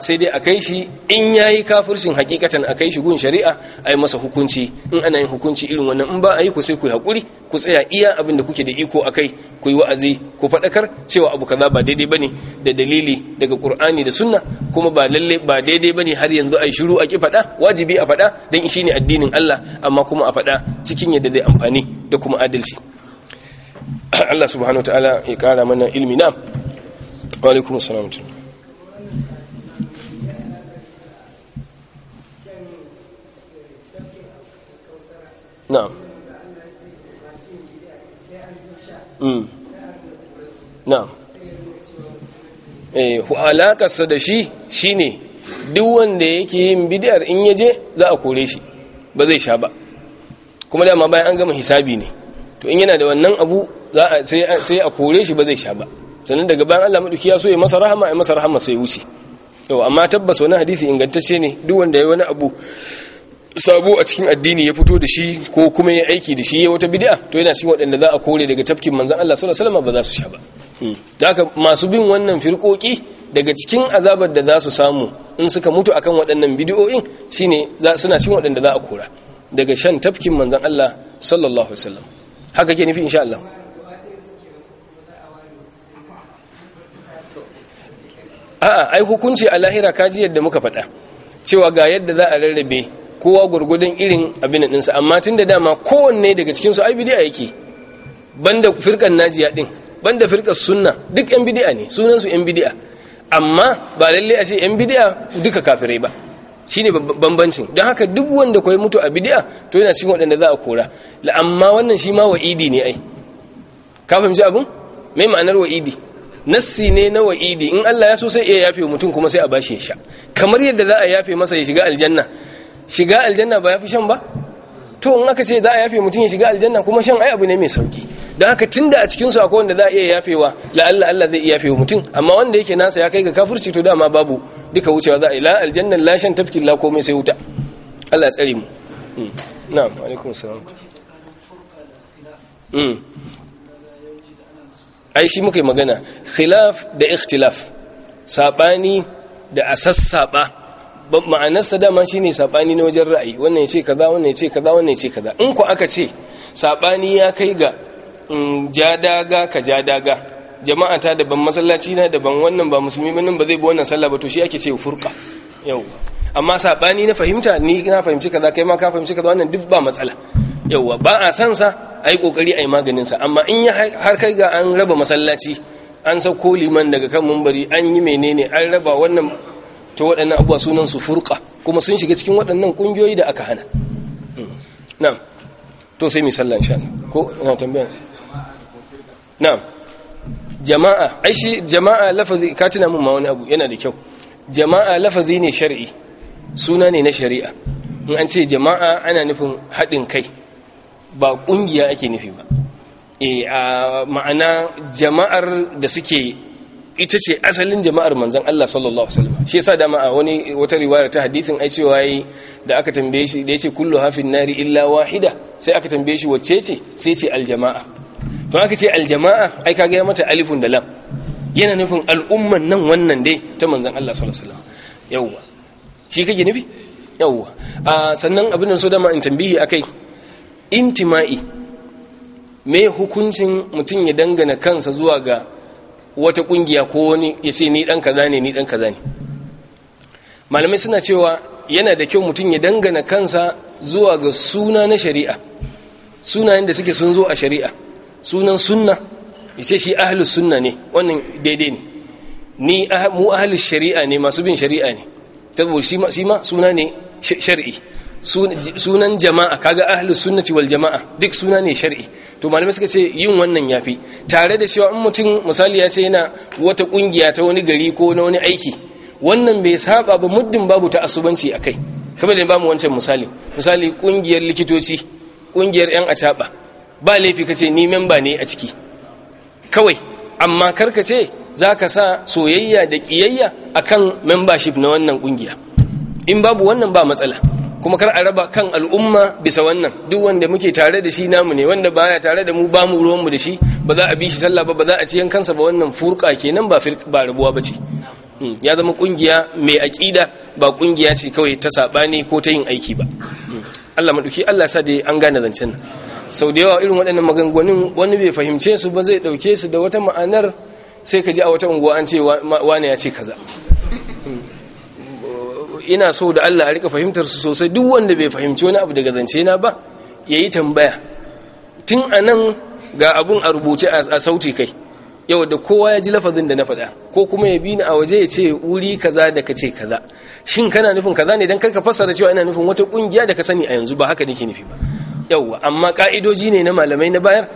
sai dai a kai shi in yayi kafircin hakikatan a kai shi gun shari'a a yi masa hukunci in ana yin hukunci irin wannan in ba a yi ku sai ku hakuri ku tsaya iya abin da kuke da iko a kai ku yi wa'azi ku faɗakar cewa abu kaza ba daidai bane da dalili daga qur'ani da sunna kuma ba lalle ba daidai bane har yanzu a shiru a ki faɗa wajibi a faɗa dan shi ne addinin Allah amma kuma a faɗa cikin yadda zai amfani da kuma adalci Allah subhanahu wataala ya ƙara mana ilmi na wa alaikum assalam na'am hmm. eh alakarsa da shi shi ne duk wanda yake yin bidiyar in yaje za a kore shi ba zai sha ba kuma dama bayan an gama hisabi ne to in yana da wannan abu sai a kore shi ba zai sha ba sannan daga bayan Allah maɗauki ya so ya masa rahama ya masa rahama sai wuce yau amma tabbas wani hadisi ingantacce ne duk wanda ya wani abu sabo a cikin addini ya fito da shi ko kuma ya aiki da shi ya wata bid'a to yana cikin waɗanda za a kore daga tafkin manzon Allah sallallahu alaihi wasallam ba za su sha ba hmm. haka masu bin wannan firkoki daga cikin azabar da za su samu in suka mutu akan waɗannan bid'o'in shine suna cikin waɗanda za a kora daga shan tafkin manzan Allah sallallahu alaihi haka ke nufi insha Allah a'a ai hukunci a lahira kaji yadda muka faɗa cewa ga yadda za a rarrabe kowa gurgudun irin abin ɗinsa amma tun da dama kowanne daga cikinsu ai bidi'a yake banda firkan najiya ɗin banda firkan sunna duk yan bidi'a ne sunansu yan bidi'a amma ba lallai a ce yan bidi'a duka kafirai ba Shi ne bambancin don haka duk wanda kwai mutu a bidi'a to yana cikin waɗanda za a kora amma wannan shi ma wa'idi ne ai ka fahimci abun mai ma'anar wa'idi nassi ne na wa'idi in Allah ya so sai iya yafe mutum kuma sai a bashi ya sha kamar yadda za a yafe masa ya shiga aljanna shiga aljanna ba ya fi shan ba to in aka ce za a yafe mutum ya shiga aljanna kuma shan ai abu ne mai sauki don haka tunda a cikin su akwai wanda za a iya yafewa la Allah Allah zai iya yafe mutum amma wanda yake nasa ya kai ga kafirci to dama babu duka wucewa za a yi la aljanna la shan tafkin la komai sai wuta Allah ya tsare mu hmm. na'am alaikum salam hmm. ai shi muka yi magana khilaf da ikhtilaf sabani da asassaba ma'anarsa dama shine sabani na wajen ra'ayi wannan yace kaza wannan yace kaza wannan yace kaza in ku aka ce sabani ya kai ga mm, ja daga ka ja daga jama'a ta daban masallaci na daban wannan ba musulmi nan ba zai bi wannan sallah ba to shi ake ce furqa yau amma sabani na fahimta ni na fahimci kaza kai ma ka fahimci kaza wannan duk ba matsala yau ba a san sa ai kokari ai maganin sa amma in ya har kai ga an raba masallaci an sauko liman daga kan mumbari an yi menene an raba wannan to waɗannan abuwa sunan su furƙa kuma sun shiga cikin waɗannan ƙungiyoyi da aka hana hmm. na'am to sai mi sallan sha ko ina tambaya na'am jama'a aishi jama'a lafazi ka tuna mun ma wani abu yana da kyau jama'a lafazi ne shari'i. suna ne na shari'a in an ce jama'a ana nufin haɗin kai ba ƙungiya ake nufi ba e a ma'ana jama'ar da suke ita ce asalin jama'ar Manzan. Allah sallallahu alaihi wasallam shi yasa dama a wani wata riwaya ta hadisin ai cewa yi da aka tambaye shi da yace kullu hafin nari illa wahida sai aka tambaye shi wacce ce sai ce aljama'a to aka ce aljama'a ai kaga ya mata alifun da lam yana nufin al'umman nan wannan dai ta Manzan. Allah sallallahu alaihi wasallam yawwa shi kake nufi yawwa sannan abin da so dama in tambihi akai intima'i me hukuncin mutum ya dangana kansa zuwa ga wata kungiya ko wani ya ce ni dan kaza ne ni dan kaza ne malamai suna cewa yana da kyau mutum ya dangana kansa zuwa ga suna na shari'a sunayen da suke sun zo a shari'a sunan sunna ya ce shi ahalus sunna ne wannan daidai ne ni ah, mu ahalus shari'a ne masu bin shari'a ne saboda shi ma suna ne shar'i sunan jama'a kaga ahlus sunnati wal jama'a duk suna ne shar'i to malamai suka ce yin wannan yafi tare da cewa in mutum misali ya ce yana wata kungiya ta wani gari ko na wani aiki wannan bai saba ba muddin babu ta asubanci akai kamar da mu wancan misali misali kungiyar likitoci kungiyar yan acaba ba laifi kace ni memba ne a ciki kawai amma karka ce za ka sa soyayya da kiyayya akan membership na wannan kungiya in babu wannan ba matsala kuma kar a raba kan al'umma bisa wannan duk wanda muke tare da shi namu ne wanda baya tare da mu ba mu ruwan mu da shi ba za a bi shi sallah ba ba za a ci kansa ba wannan furqa kenan ba ba rabuwa bace hmm, ya zama kungiya mai aqida ba kungiya ce kawai ta sabani ko ta yin aiki ba hmm, Allah maduki Allah sa da an gane zancen sau da yawa irin waɗannan maganganun wani bai fahimce su ba zai dauke su da wata ma'anar sai ka ji a wata unguwa an ce wane ya ce kaza ina so da Allah a rika fahimtar su sosai duk wanda bai fahimci wani abu daga zance na ba yayi tambaya tun anan ga abun a rubuce a sauti kai yau da kowa ya ji lafazin da na faɗa ko kuma ya bi ni a waje ya ce wuri kaza da ka ce kaza shin kana nufin kaza ne dan karka fassara cewa ina nufin wata kungiya da ka sani a yanzu ba haka nake nufi ba yauwa amma ka'idoji ne na malamai na bayar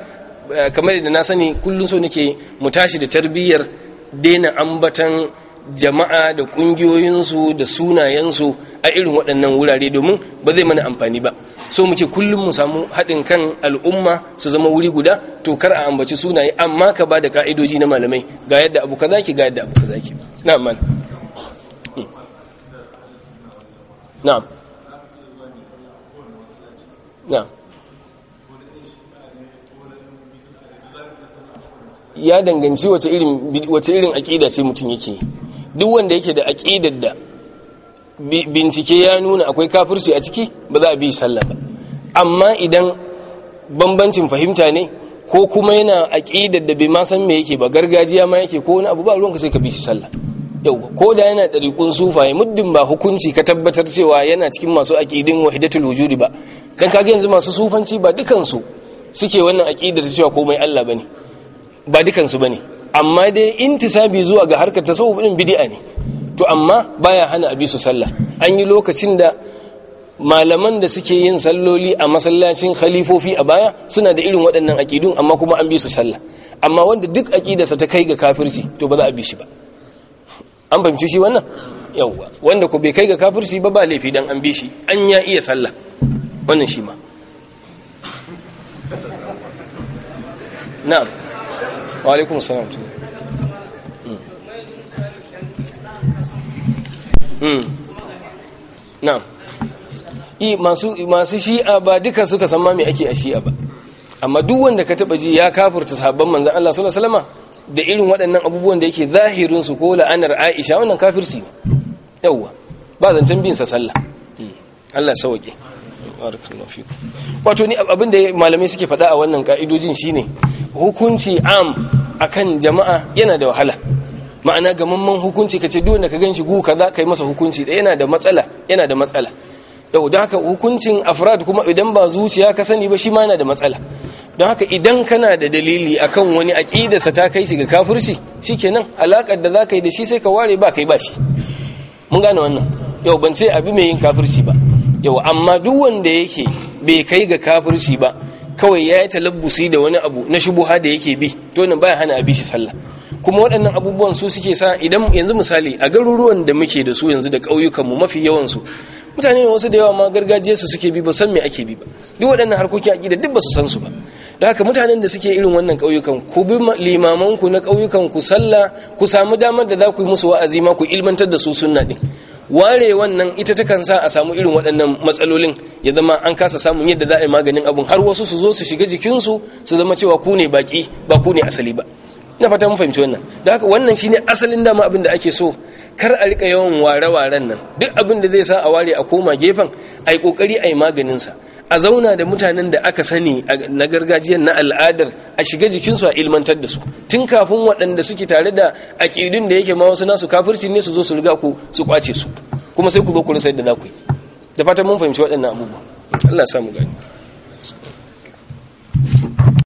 kamar da na sani kullun so nake mu tashi da tarbiyyar daina ambatan jama'a da ƙungiyoyinsu da sunayensu a irin waɗannan wurare domin ba zai mana amfani ba so mu ce kullum mu samu haɗin kan al'umma su zama wuri guda to kar a ambaci sunaye amma ka ba da ka'idoji na malamai ga yadda abu ka zaki ga yadda abu ka zaki na'am hmm. na'am na'am ya danganci wace irin aƙida ce mutum yake duk wanda yake da aqidar da bincike ya nuna akwai kafirsu a ciki ba za a bi sallah ba amma idan bambancin fahimta ne ko kuma yana aqidar da bai ma san me yake ba gargajiya ma yake ko wani abu ba ruwanka sai ka bi shi sallah yauwa ko da yana ɗariƙun sufaye muddin ba hukunci ka tabbatar cewa yana cikin masu aƙidin wahidatul wujudi ba dan kaga yanzu masu sufanci ba dukansu suke wannan aƙidar cewa komai Allah bane ba dukansu bane amma dai intisabi zuwa ga harkar tasawuf din bid'a ne to amma baya hana abi su sallah an yi lokacin da malaman da suke yin salloli a masallacin khalifofi a baya suna da irin waɗannan aƙidun amma kuma an bi su sallah amma wanda duk aƙidarsa ta kai ga kafirci to ba za a bi shi ba an fahimci shi wannan yawwa wanda ko bai kai ga kafirci ba ba laifi dan an bi shi an ya iya sallah wannan shi ma na'am wa alaikum salam na i masu masu shi'a ba duka suka san ma me ake a shi'a ba amma duk wanda ka taba ji ya kafurta sahabban manzon Allah sallallahu alaihi wasallam da irin waɗannan abubuwan da yake zahirin su ko la'anar Aisha wannan kafirci ne yawwa ba zancen bin sa sallah Allah sauke wato ni abin da malamai suke faɗa a wannan ka'idojin shine hukunci am akan jama'a yana da wahala ma'ana gamamman hukunci kace duk wanda ka ganshi gu kaza kai masa hukunci da yana da matsala yana da matsala yau da haka hukuncin afrad kuma idan ba zuciya ka sani ba shi ma yana da matsala don haka idan kana da dalili akan wani aqidarsa ta kai shi ga kafirci shikenan alakar da zaka yi da shi sai ka ware ba kai ba shi mun gane wannan yau ban ce abi mai yin kafirci ba yau amma duk wanda yake bai kai ga kafirci ba kawai ya yi talabbusi da wani abu na shubuha da yake bi to nan baya hana abi shi sallah kuma waɗannan abubuwan su suke sa idan yanzu misali a garuruwan da muke da su yanzu da ƙauyukan mu mafi yawan su mutane ne wasu da yawa ma gargajiya su suke bi ba san me ake bi ba duk waɗannan harkokin aƙida duk ba su san su ba da haka mutanen da suke irin wannan ƙauyukan ku bi limamanku na ƙauyukan ku sallah ku samu damar da za ku yi musu wa'azi ma ku ilmantar da su sunna din ware wannan ita takan sa a samu irin waɗannan matsalolin ya zama an kasa samun yadda za a yi maganin abun har wasu su zo su shiga jikinsu su zama cewa ku ne baƙi ba ku ne asali ba ina fata mun fahimci wannan da haka wannan shine asalin dama abin da ake so kar a rika yawan ware-waren nan duk abin da zai sa a ware a koma gefen ai kokari ai maganin sa a zauna da mutanen da aka sani na gargajiyar na al'adar a shiga jikinsu a ilmantar da su tun kafin waɗanda suke tare da aƙidun da yake ma wasu nasu kafirci ne su zo su riga ku su kwace su kuma sai ku zo ku rasa yadda za ku yi da fatan mun fahimci waɗannan abubuwa Allah samu gani